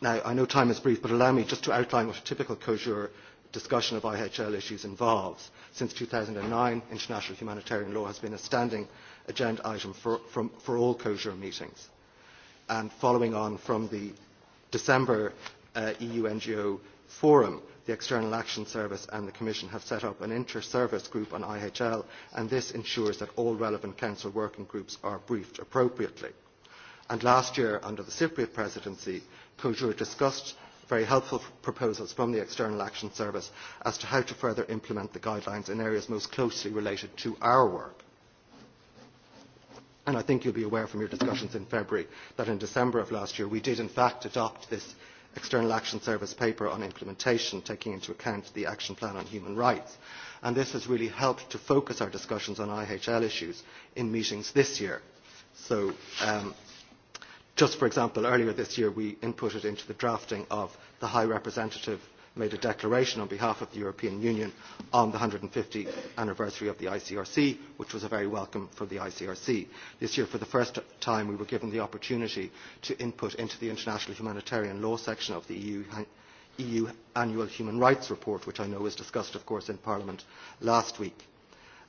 Now, I know time is brief, but allow me just to outline what a typical COSURE discussion of IHL issues involves. Since 2009, international humanitarian law has been a standing agenda item for all COSURE meetings. And following on from the December EU NGO forum the external action service and the commission have set up an inter service group on ihl and this ensures that all relevant council working groups are briefed appropriately. last year under the cypriot presidency cosur discussed very helpful proposals from the external action service as to how to further implement the guidelines in areas most closely related to our work. And I think you will be aware from your discussions in February that in December of last year we did in fact adopt this External Action Service paper on implementation, taking into account the Action Plan on Human Rights. And this has really helped to focus our discussions on IHL issues in meetings this year. So just for example, earlier this year we inputted into the drafting of the High Representative made a declaration on behalf of the European Union on the 150th anniversary of the ICRC, which was a very welcome for the ICRC. This year, for the first time, we were given the opportunity to input into the International Humanitarian Law section of the EU Annual Human Rights Report, which I know was discussed, of course, in Parliament last week.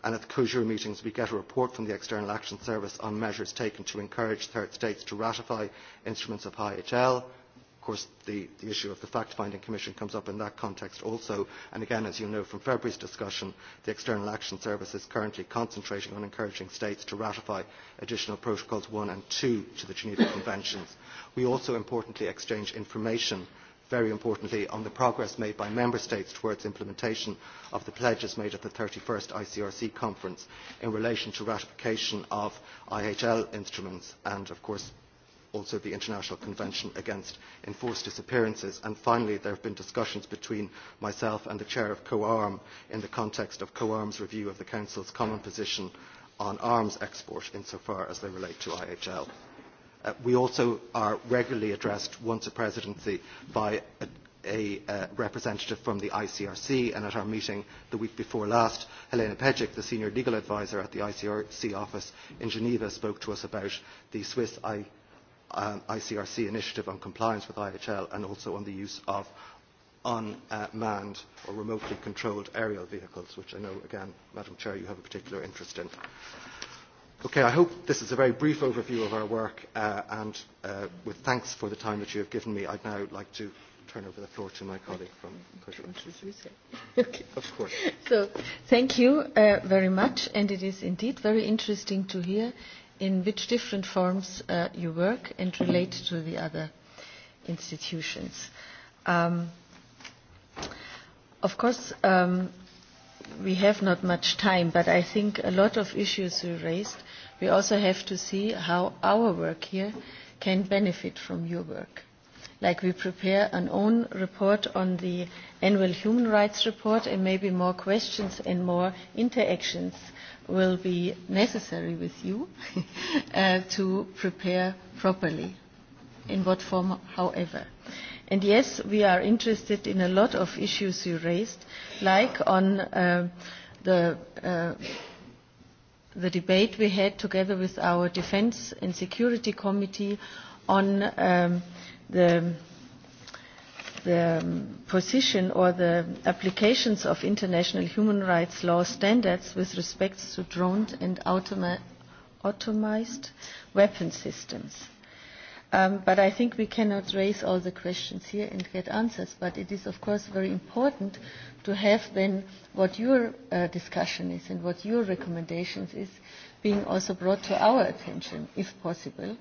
And at the COSURE meetings, we get a report from the External Action Service on measures taken to encourage third states to ratify instruments of IHL course, the issue of the fact-finding commission comes up in that context also. And again, as you know from February's discussion, the External Action Service is currently concentrating on encouraging states to ratify additional protocols 1 and 2 to the Geneva Conventions. We also importantly exchange information very importantly, on the progress made by Member States towards implementation of the pledges made at the 31st ICRC conference in relation to ratification of IHL instruments and, of course, also the International Convention Against Enforced Disappearances. And finally, there have been discussions between myself and the chair of COARM in the context of COARM's review of the Council's common position on arms export insofar as they relate to IHL. We also are regularly addressed once a presidency by a representative from the ICRC and at our meeting the week before last, Helena Pedic, the senior legal adviser at the ICRC office in Geneva, spoke to us about the Swiss ICRC initiative on compliance with IHL and also on the use of unmanned or remotely controlled aerial vehicles, which I know, again, Madam Chair, you have a particular interest in. Okay, I hope this is a very brief overview of our work, and with thanks for the time that you have given me, I'd now like to turn over the floor to my colleague from Of course. So, thank you very much, and it is indeed very interesting to hear in which different forms you work and relate to the other institutions. Of course, we have not much time, but I think a lot of issues were raised. We also have to see how our work here can benefit from your work like we prepare an own report on the annual human rights report and maybe more questions and more interactions will be necessary with you to prepare properly in what form however. And yes, we are interested in a lot of issues you raised, like on the the debate we had together with our Defence and Security Committee on the the position or the applications of international human rights law standards with respect to drone and automised weapon systems. But I think we cannot raise all the questions here and get answers, but it is of course very important to have then what your discussion is and what your recommendations is being also brought to our attention, if possible,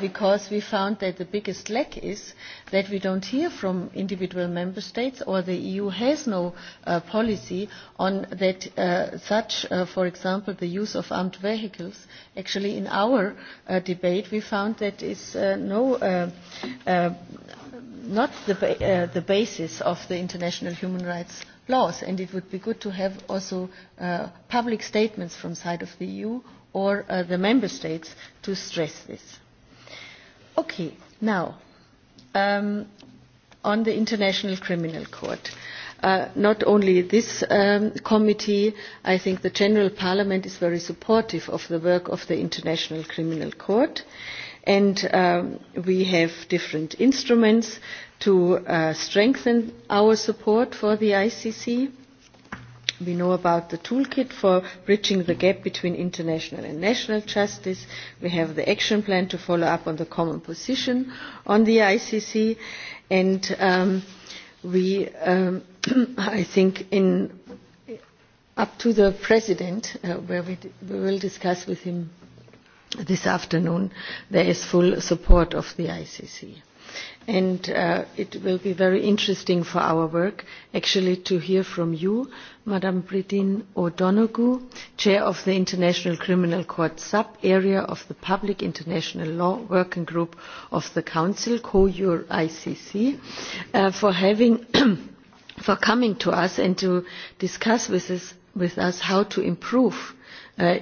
because we found that the biggest lack is that we don't hear from individual member states or the EU has no policy on that such, for example, the use of armed vehicles. Actually, in our debate, we found that is no not the basis of the international human rights laws and it would be good to have also public statements from side of the EU or the member states to stress this. Okay, now on the International Criminal Court. Not only this committee, I think the General Parliament is very supportive of the work of the International Criminal Court and we have different instruments to strengthen our support for the ICC. We know about the toolkit for bridging the gap between international and national justice. We have the action plan to follow up on the common position on the ICC. And we, I think, in up to the President, where we will discuss with him this afternoon, there is full support of the ICC and it will be very interesting for our work actually to hear from you, Madam Britin O'Donoghue, Chair of the International Criminal Court Sub-Area of the Public International Law Working Group of the Council, Your icc for having for coming to us and to discuss with us how to improve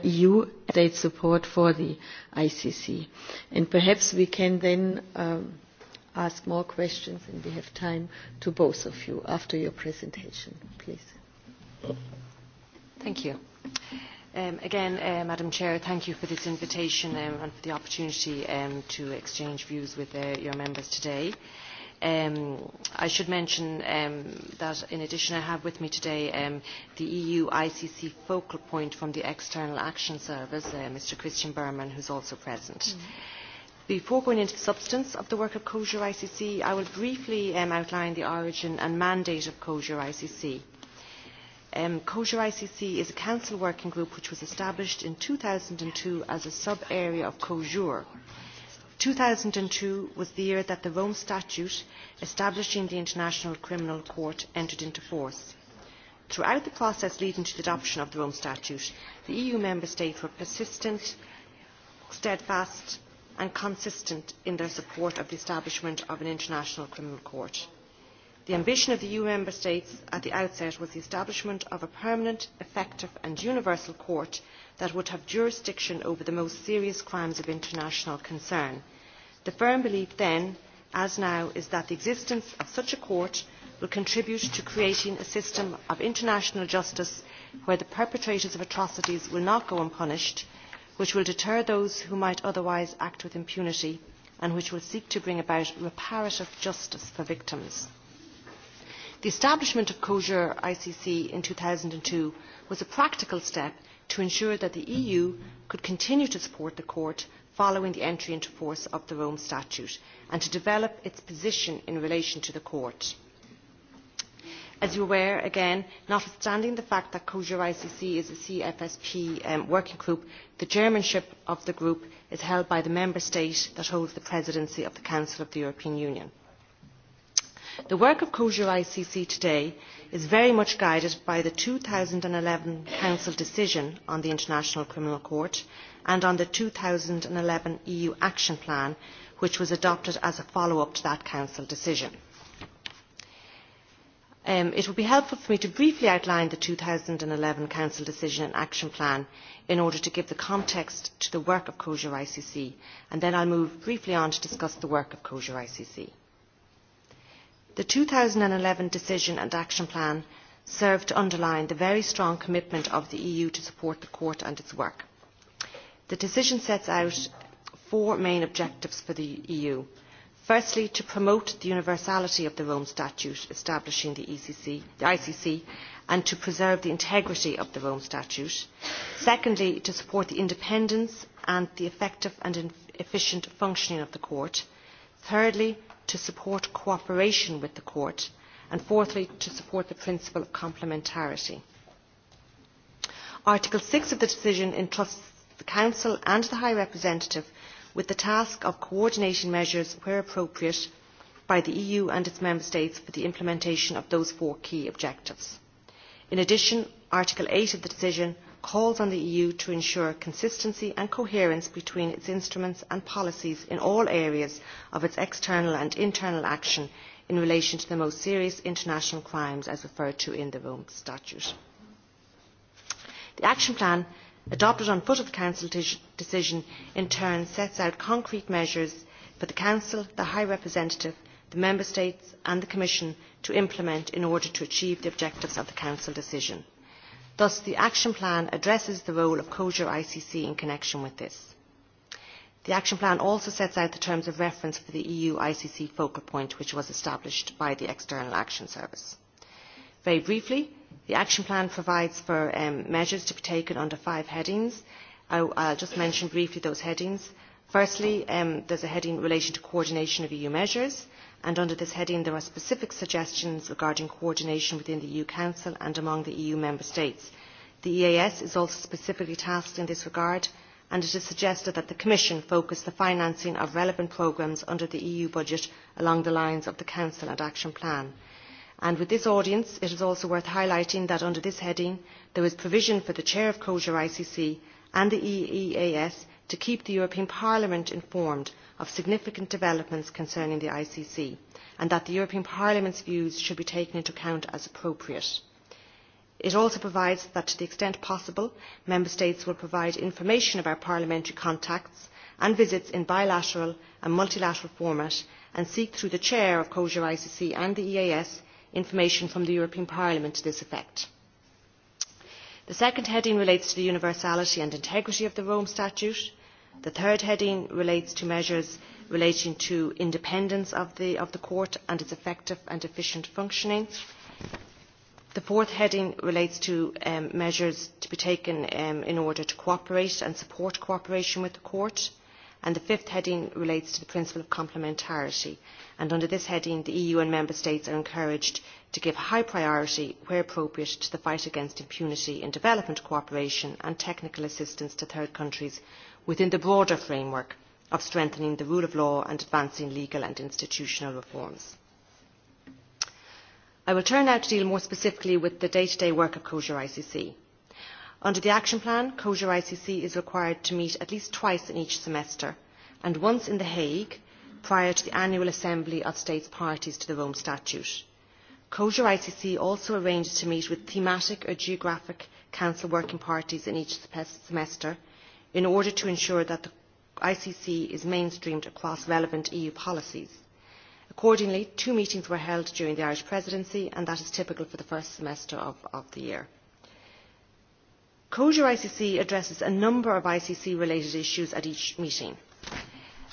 EU state support for the ICC. And perhaps we can then ask more questions and we have time to both of you after your presentation. Please. Thank you. Again, Madam Chair, thank you for this invitation and for the opportunity to exchange views with your members today. I should mention that in addition I have with me today the EU ICC focal point from the External Action Service, Mr. Christian Berman, who is also present. Before going into the substance of the work of COSURE ICC, I will briefly outline the origin and mandate of COSURE ICC. COSURE ICC is a council working group which was established in 2002 as a sub-area of COSUR. 2002 was the year that the Rome Statute establishing the International Criminal Court entered into force. Throughout the process leading to the adoption of the Rome Statute, the EU member states were persistent, steadfast and consistent in their support of the establishment of an international criminal court. The ambition of the EU member states at the outset was the establishment of a permanent, effective and universal court that would have jurisdiction over the most serious crimes of international concern. The firm belief then, as now, is that the existence of such a court will contribute to creating a system of international justice where the perpetrators of atrocities will not go unpunished which will deter those who might otherwise act with impunity and which will seek to bring about reparative justice for victims. The establishment of Kosher ICC in 2002 was a practical step to ensure that the EU could continue to support the Court following the entry into force of the Rome Statute and to develop its position in relation to the Court. As you are aware, again, notwithstanding the fact that COSUR ICC is a CFSP working group, the chairmanship of the group is held by the member state that holds the presidency of the Council of the European Union. The work of COSUR ICC today is very much guided by the 2011 Council decision on the International Criminal Court and on the 2011 EU Action Plan, which was adopted as a follow-up to that Council decision. It would be helpful for me to briefly outline the 2011 Council decision and action plan in order to give the context to the work of COSUR ICC, and then I will move briefly on to discuss the work of COSUR ICC. The 2011 decision and action plan served to underline the very strong commitment of the EU to support the Court and its work. The decision sets out four main objectives for the EU firstly to promote the universality of the rome statute establishing the icc and to preserve the integrity of the rome statute secondly to support the independence and the effective and efficient functioning of the court thirdly to support cooperation with the court and fourthly to support the principle of complementarity. article six of the decision entrusts the council and the high representative with the task of coordinating measures where appropriate by the eu and its member states for the implementation of those four key objectives. in addition article eight of the decision calls on the eu to ensure consistency and coherence between its instruments and policies in all areas of its external and internal action in relation to the most serious international crimes as referred to in the rome statute. the action plan adopted on foot of the Council decision in turn sets out concrete measures for the Council, the High Representative, the Member States and the Commission to implement in order to achieve the objectives of the Council decision. Thus, the Action Plan addresses the role of COSUR ICC in connection with this. The Action Plan also sets out the terms of reference for the EU ICC focal point, which was established by the External Action Service. Very briefly, The action plan provides for measures to be taken under five headings. I will just mention briefly those headings. Firstly, there is a heading in relation to coordination of EU measures, and under this heading there are specific suggestions regarding coordination within the EU Council and among the EU Member States. The EAS is also specifically tasked in this regard, and it is suggested that the Commission focus the financing of relevant programmes under the EU budget along the lines of the Council and Action Plan with this audience it is also worth highlighting that under this heading there is provision for the chair of cosur icc and the eeas to keep the european parliament informed of significant developments concerning the icc and that the european parliament's views should be taken into account as appropriate. it also provides that to the extent possible member states will provide information about parliamentary contacts and visits in bilateral and multilateral format and seek through the chair of cosur icc and the eeas information from the European Parliament to this effect. The second heading relates to the universality and integrity of the Rome Statute. The third heading relates to measures relating to independence of the Court and its effective and efficient functioning. The fourth heading relates to measures to be taken in order to cooperate and support cooperation with the Court and the fifth heading relates to the principle of complementarity and under this heading the eu and member states are encouraged to give high priority where appropriate to the fight against impunity in development cooperation and technical assistance to third countries within the broader framework of strengthening the rule of law and advancing legal and institutional reforms. i will turn now to deal more specifically with the day to day work of cosur icc. Under the action plan, COSUR ICC is required to meet at least twice in each semester and once in The Hague prior to the annual assembly of states parties to the Rome Statute. COSUR ICC also arranges to meet with thematic or geographic council working parties in each semester in order to ensure that the ICC is mainstreamed across relevant EU policies. Accordingly, two meetings were held during the Irish presidency and that is typical for the first semester of the year. Kosher ICC addresses a number of ICC-related issues at each meeting.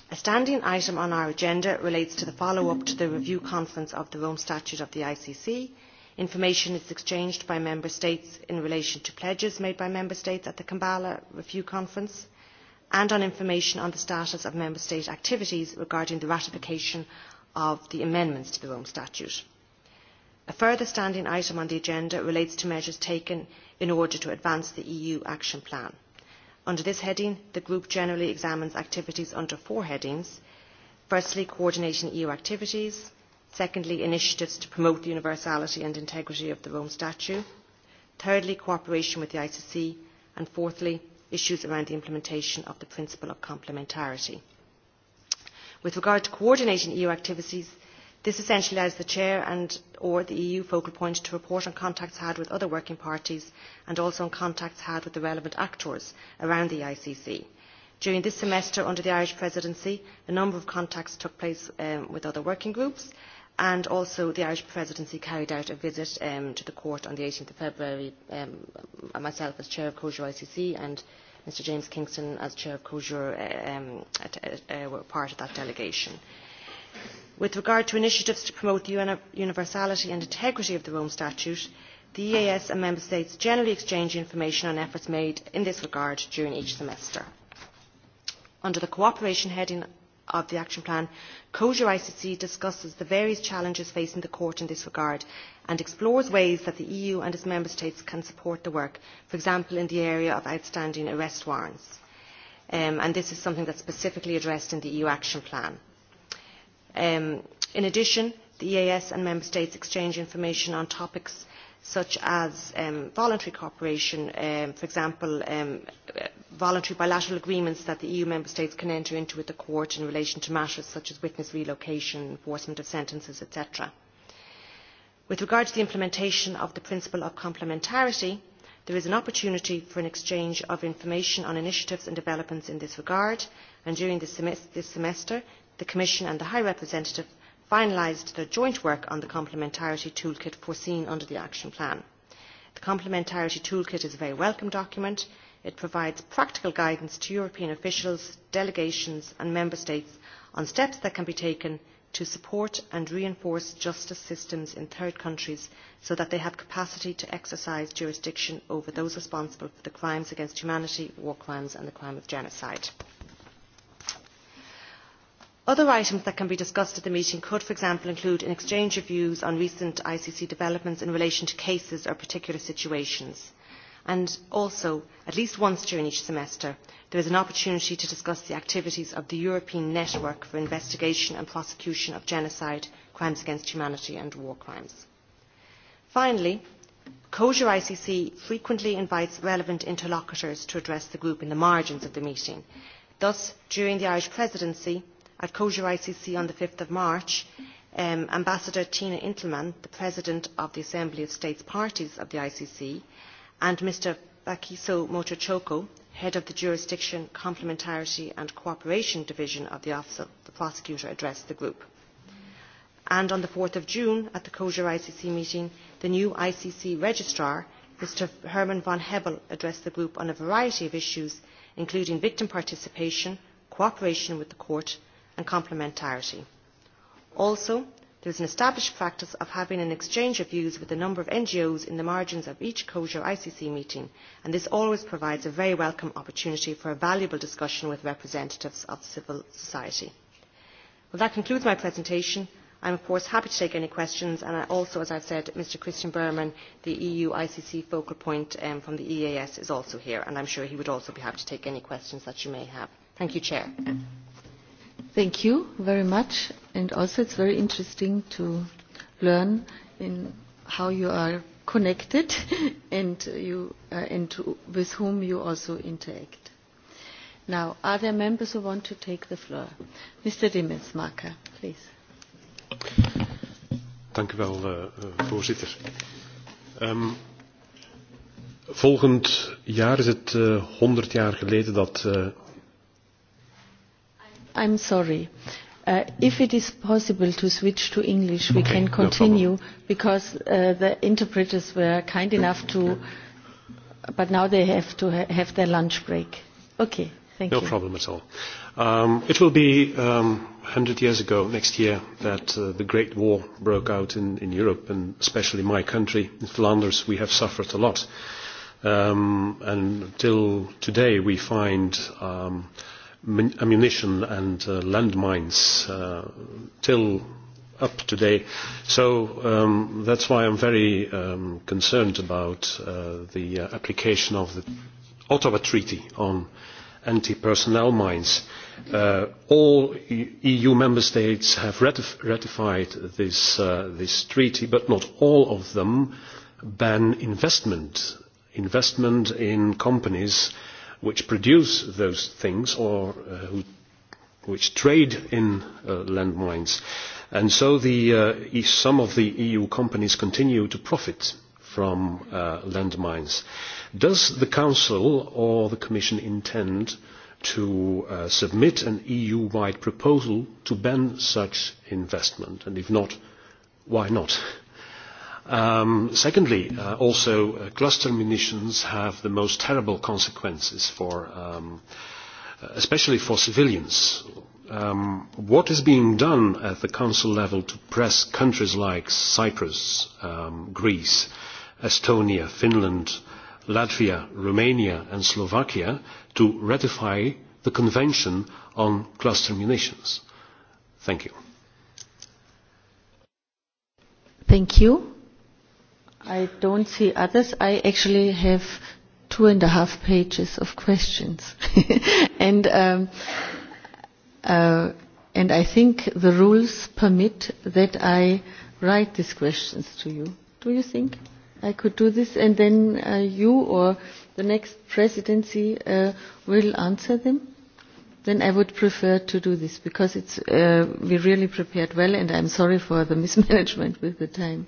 A standing item on our agenda relates to the follow-up to the review conference of the Rome Statute of the ICC. Information is exchanged by Member States in relation to pledges made by Member States at the Kampala Review Conference and on information on the status of Member State activities regarding the ratification of the amendments to the Rome Statute. A further standing item on the agenda relates to measures taken in order to advance the EU Action Plan. Under this heading, the Group generally examines activities under four headings firstly, coordinating EU activities, secondly, initiatives to promote the universality and integrity of the Rome Statute, thirdly, cooperation with the ICC, and fourthly, issues around the implementation of the principle of complementarity. With regard to coordinating EU activities, This essentially allows the Chair and or the EU focal point to report on contacts had with other working parties and also on contacts had with the relevant actors around the ICC. During this semester under the Irish Presidency, a number of contacts took place with other working groups and also the Irish Presidency carried out a visit to the Court on the 18th of February, myself as Chair of Kojou ICC and Mr James Kingston as Chair of Cojur, were part of that delegation with regard to initiatives to promote the universality and integrity of the rome statute the eeas and member states generally exchange information on efforts made in this regard during each semester. under the cooperation heading of the action plan cosur icc discusses the various challenges facing the court in this regard and explores ways that the eu and its member states can support the work for example in the area of outstanding arrest warrants and this is something that is specifically addressed in the eu action plan. In addition, the EAS and Member States exchange information on topics such as voluntary cooperation, for example, voluntary bilateral agreements that the EU Member States can enter into with the Court in relation to matters such as witness relocation, enforcement of sentences, etc. With regard to the implementation of the principle of complementarity, there is an opportunity for an exchange of information on initiatives and developments in this regard, and during this semester the Commission and the High Representative finalised their joint work on the complementarity toolkit foreseen under the Action Plan. The complementarity toolkit is a very welcome document. It provides practical guidance to European officials, delegations and Member States on steps that can be taken to support and reinforce justice systems in third countries so that they have capacity to exercise jurisdiction over those responsible for the crimes against humanity, war crimes and the crime of genocide. Other items that can be discussed at the meeting could, for example, include an exchange of views on recent ICC developments in relation to cases or particular situations. And also, at least once during each semester, there is an opportunity to discuss the activities of the European Network for Investigation and Prosecution of Genocide, Crimes Against Humanity and War Crimes. Finally, COSUR ICC frequently invites relevant interlocutors to address the group in the margins of the meeting. Thus, during the Irish Presidency, At COSUR ICC on the 5 March, Ambassador Tina Intelman, the President of the Assembly of States Parties of the ICC, and Mr. Bakiso Motochoko, Head of the Jurisdiction, Complementarity and Cooperation Division of the Office of the Prosecutor, addressed the group. on the 4 June, at the COSUR ICC meeting, the new ICC Registrar, Mr. Herman von Hebel, addressed the group on a variety of issues, including victim participation, cooperation with the Court, and complementarity. Also, there is an established practice of having an exchange of views with a number of NGOs in the margins of each COSIO ICC meeting, and this always provides a very welcome opportunity for a valuable discussion with representatives of civil society. Well, that concludes my presentation. I am, of course, happy to take any questions, and I also, as I have said, Mr. Christian Berman, the EU ICC focal point from the EAS, is also here, and I am sure he would also be happy to take any questions that you may have. Thank you, Chair. Thank you very much. And also it's very interesting to learn in how you are connected and you uh and with whom you also interact. Now, are there members who want to take the floor? Mr. Dimmelsmaker, please. Dank u wel, voorzitter. Volgend jaar is het 100 jaar geleden dat I'm sorry. If it is possible to switch to English, we can continue because the interpreters were kind enough to, but now they have to have their lunch break. Okay, thank you. No problem at all. It will be 100 years ago next year that the Great War broke out in Europe and especially my country, in Flanders, we have suffered a lot. And till today we find ammunition and landmines till up today. So that's why I'm very concerned about the application of the Ottawa Treaty on anti-personnel mines. All EU member states have ratified this treaty, but not all of them ban investment, investment in companies which produce those things or which trade in landmines. And so some of the EU companies continue to profit from landmines. Does the Council or the Commission intend to submit an EU-wide proposal to ban such investment? And if not, why not? Secondly, also cluster munitions have the most terrible consequences for, especially for civilians. What is being done at the Council level to press countries like Cyprus, Greece, Estonia, Finland, Latvia, Romania and Slovakia to ratify the Convention on Cluster Munitions? Thank you. Thank you. I don't see others. I actually have two and a half pages of questions. And and I think the rules permit that I write these questions to you. Do you think I could do this? And then you or the next presidency will answer them? Then I would prefer to do this because it's we really prepared well and I'm sorry for the mismanagement with the time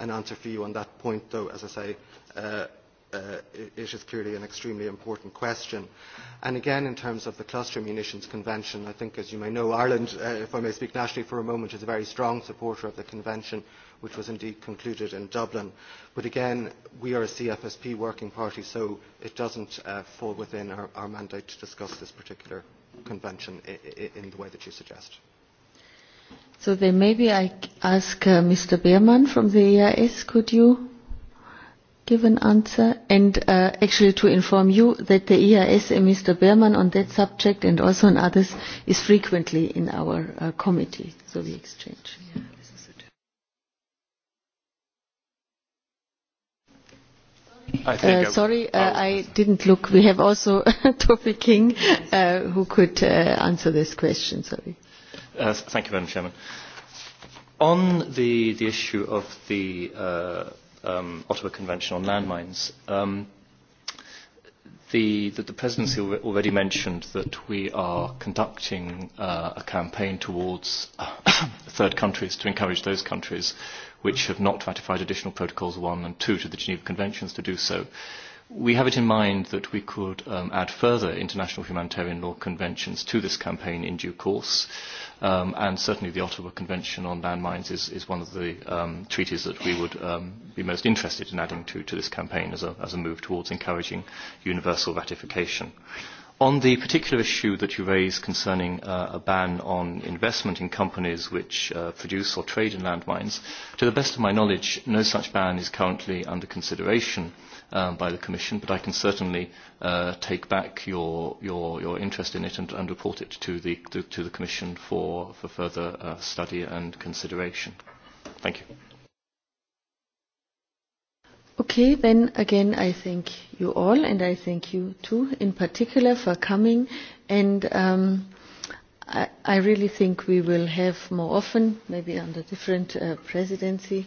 an answer for you on that point, though, as I say, it is clearly an extremely important question. And again, in terms of the Cluster Munitions Convention, I think, as you may know, Ireland, if I may speak nationally for a moment, is a very strong supporter of the Convention, which was indeed concluded in Dublin. But again, we are a CFSP working party, so it doesn't fall within our mandate to discuss this particular Convention in the way that you suggest. So then maybe I ask Mr. Beermann from the EIS, could you give an answer? And actually to inform you that the EIS and Mr. Beermann on that subject and also on others is frequently in our committee, so we exchange. Sorry, I didn't look. We have also Toby King who could answer this question. Sorry. Thank you, Madam Chairman. On the the issue of the Ottawa Convention on landmines, the Presidency already mentioned that we are conducting a campaign towards third countries to encourage those countries which have not ratified additional protocols one and two to the Geneva Conventions to do so. We have it in mind that we could add further international humanitarian law conventions to this campaign in due course, and certainly the Ottawa Convention on Landmines is one of the treaties that we would be most interested in adding to this campaign as a move towards encouraging universal ratification. On the particular issue that you raised concerning a ban on investment in companies which produce or trade in landmines, to the best of my knowledge, no such ban is currently under consideration by the Commission, but I can certainly take back your your interest in it and report it to the to the Commission for for further study and consideration. Thank you. Okay, then again I thank you all and I thank you too in particular for coming and I really think we will have more often, maybe under different presidency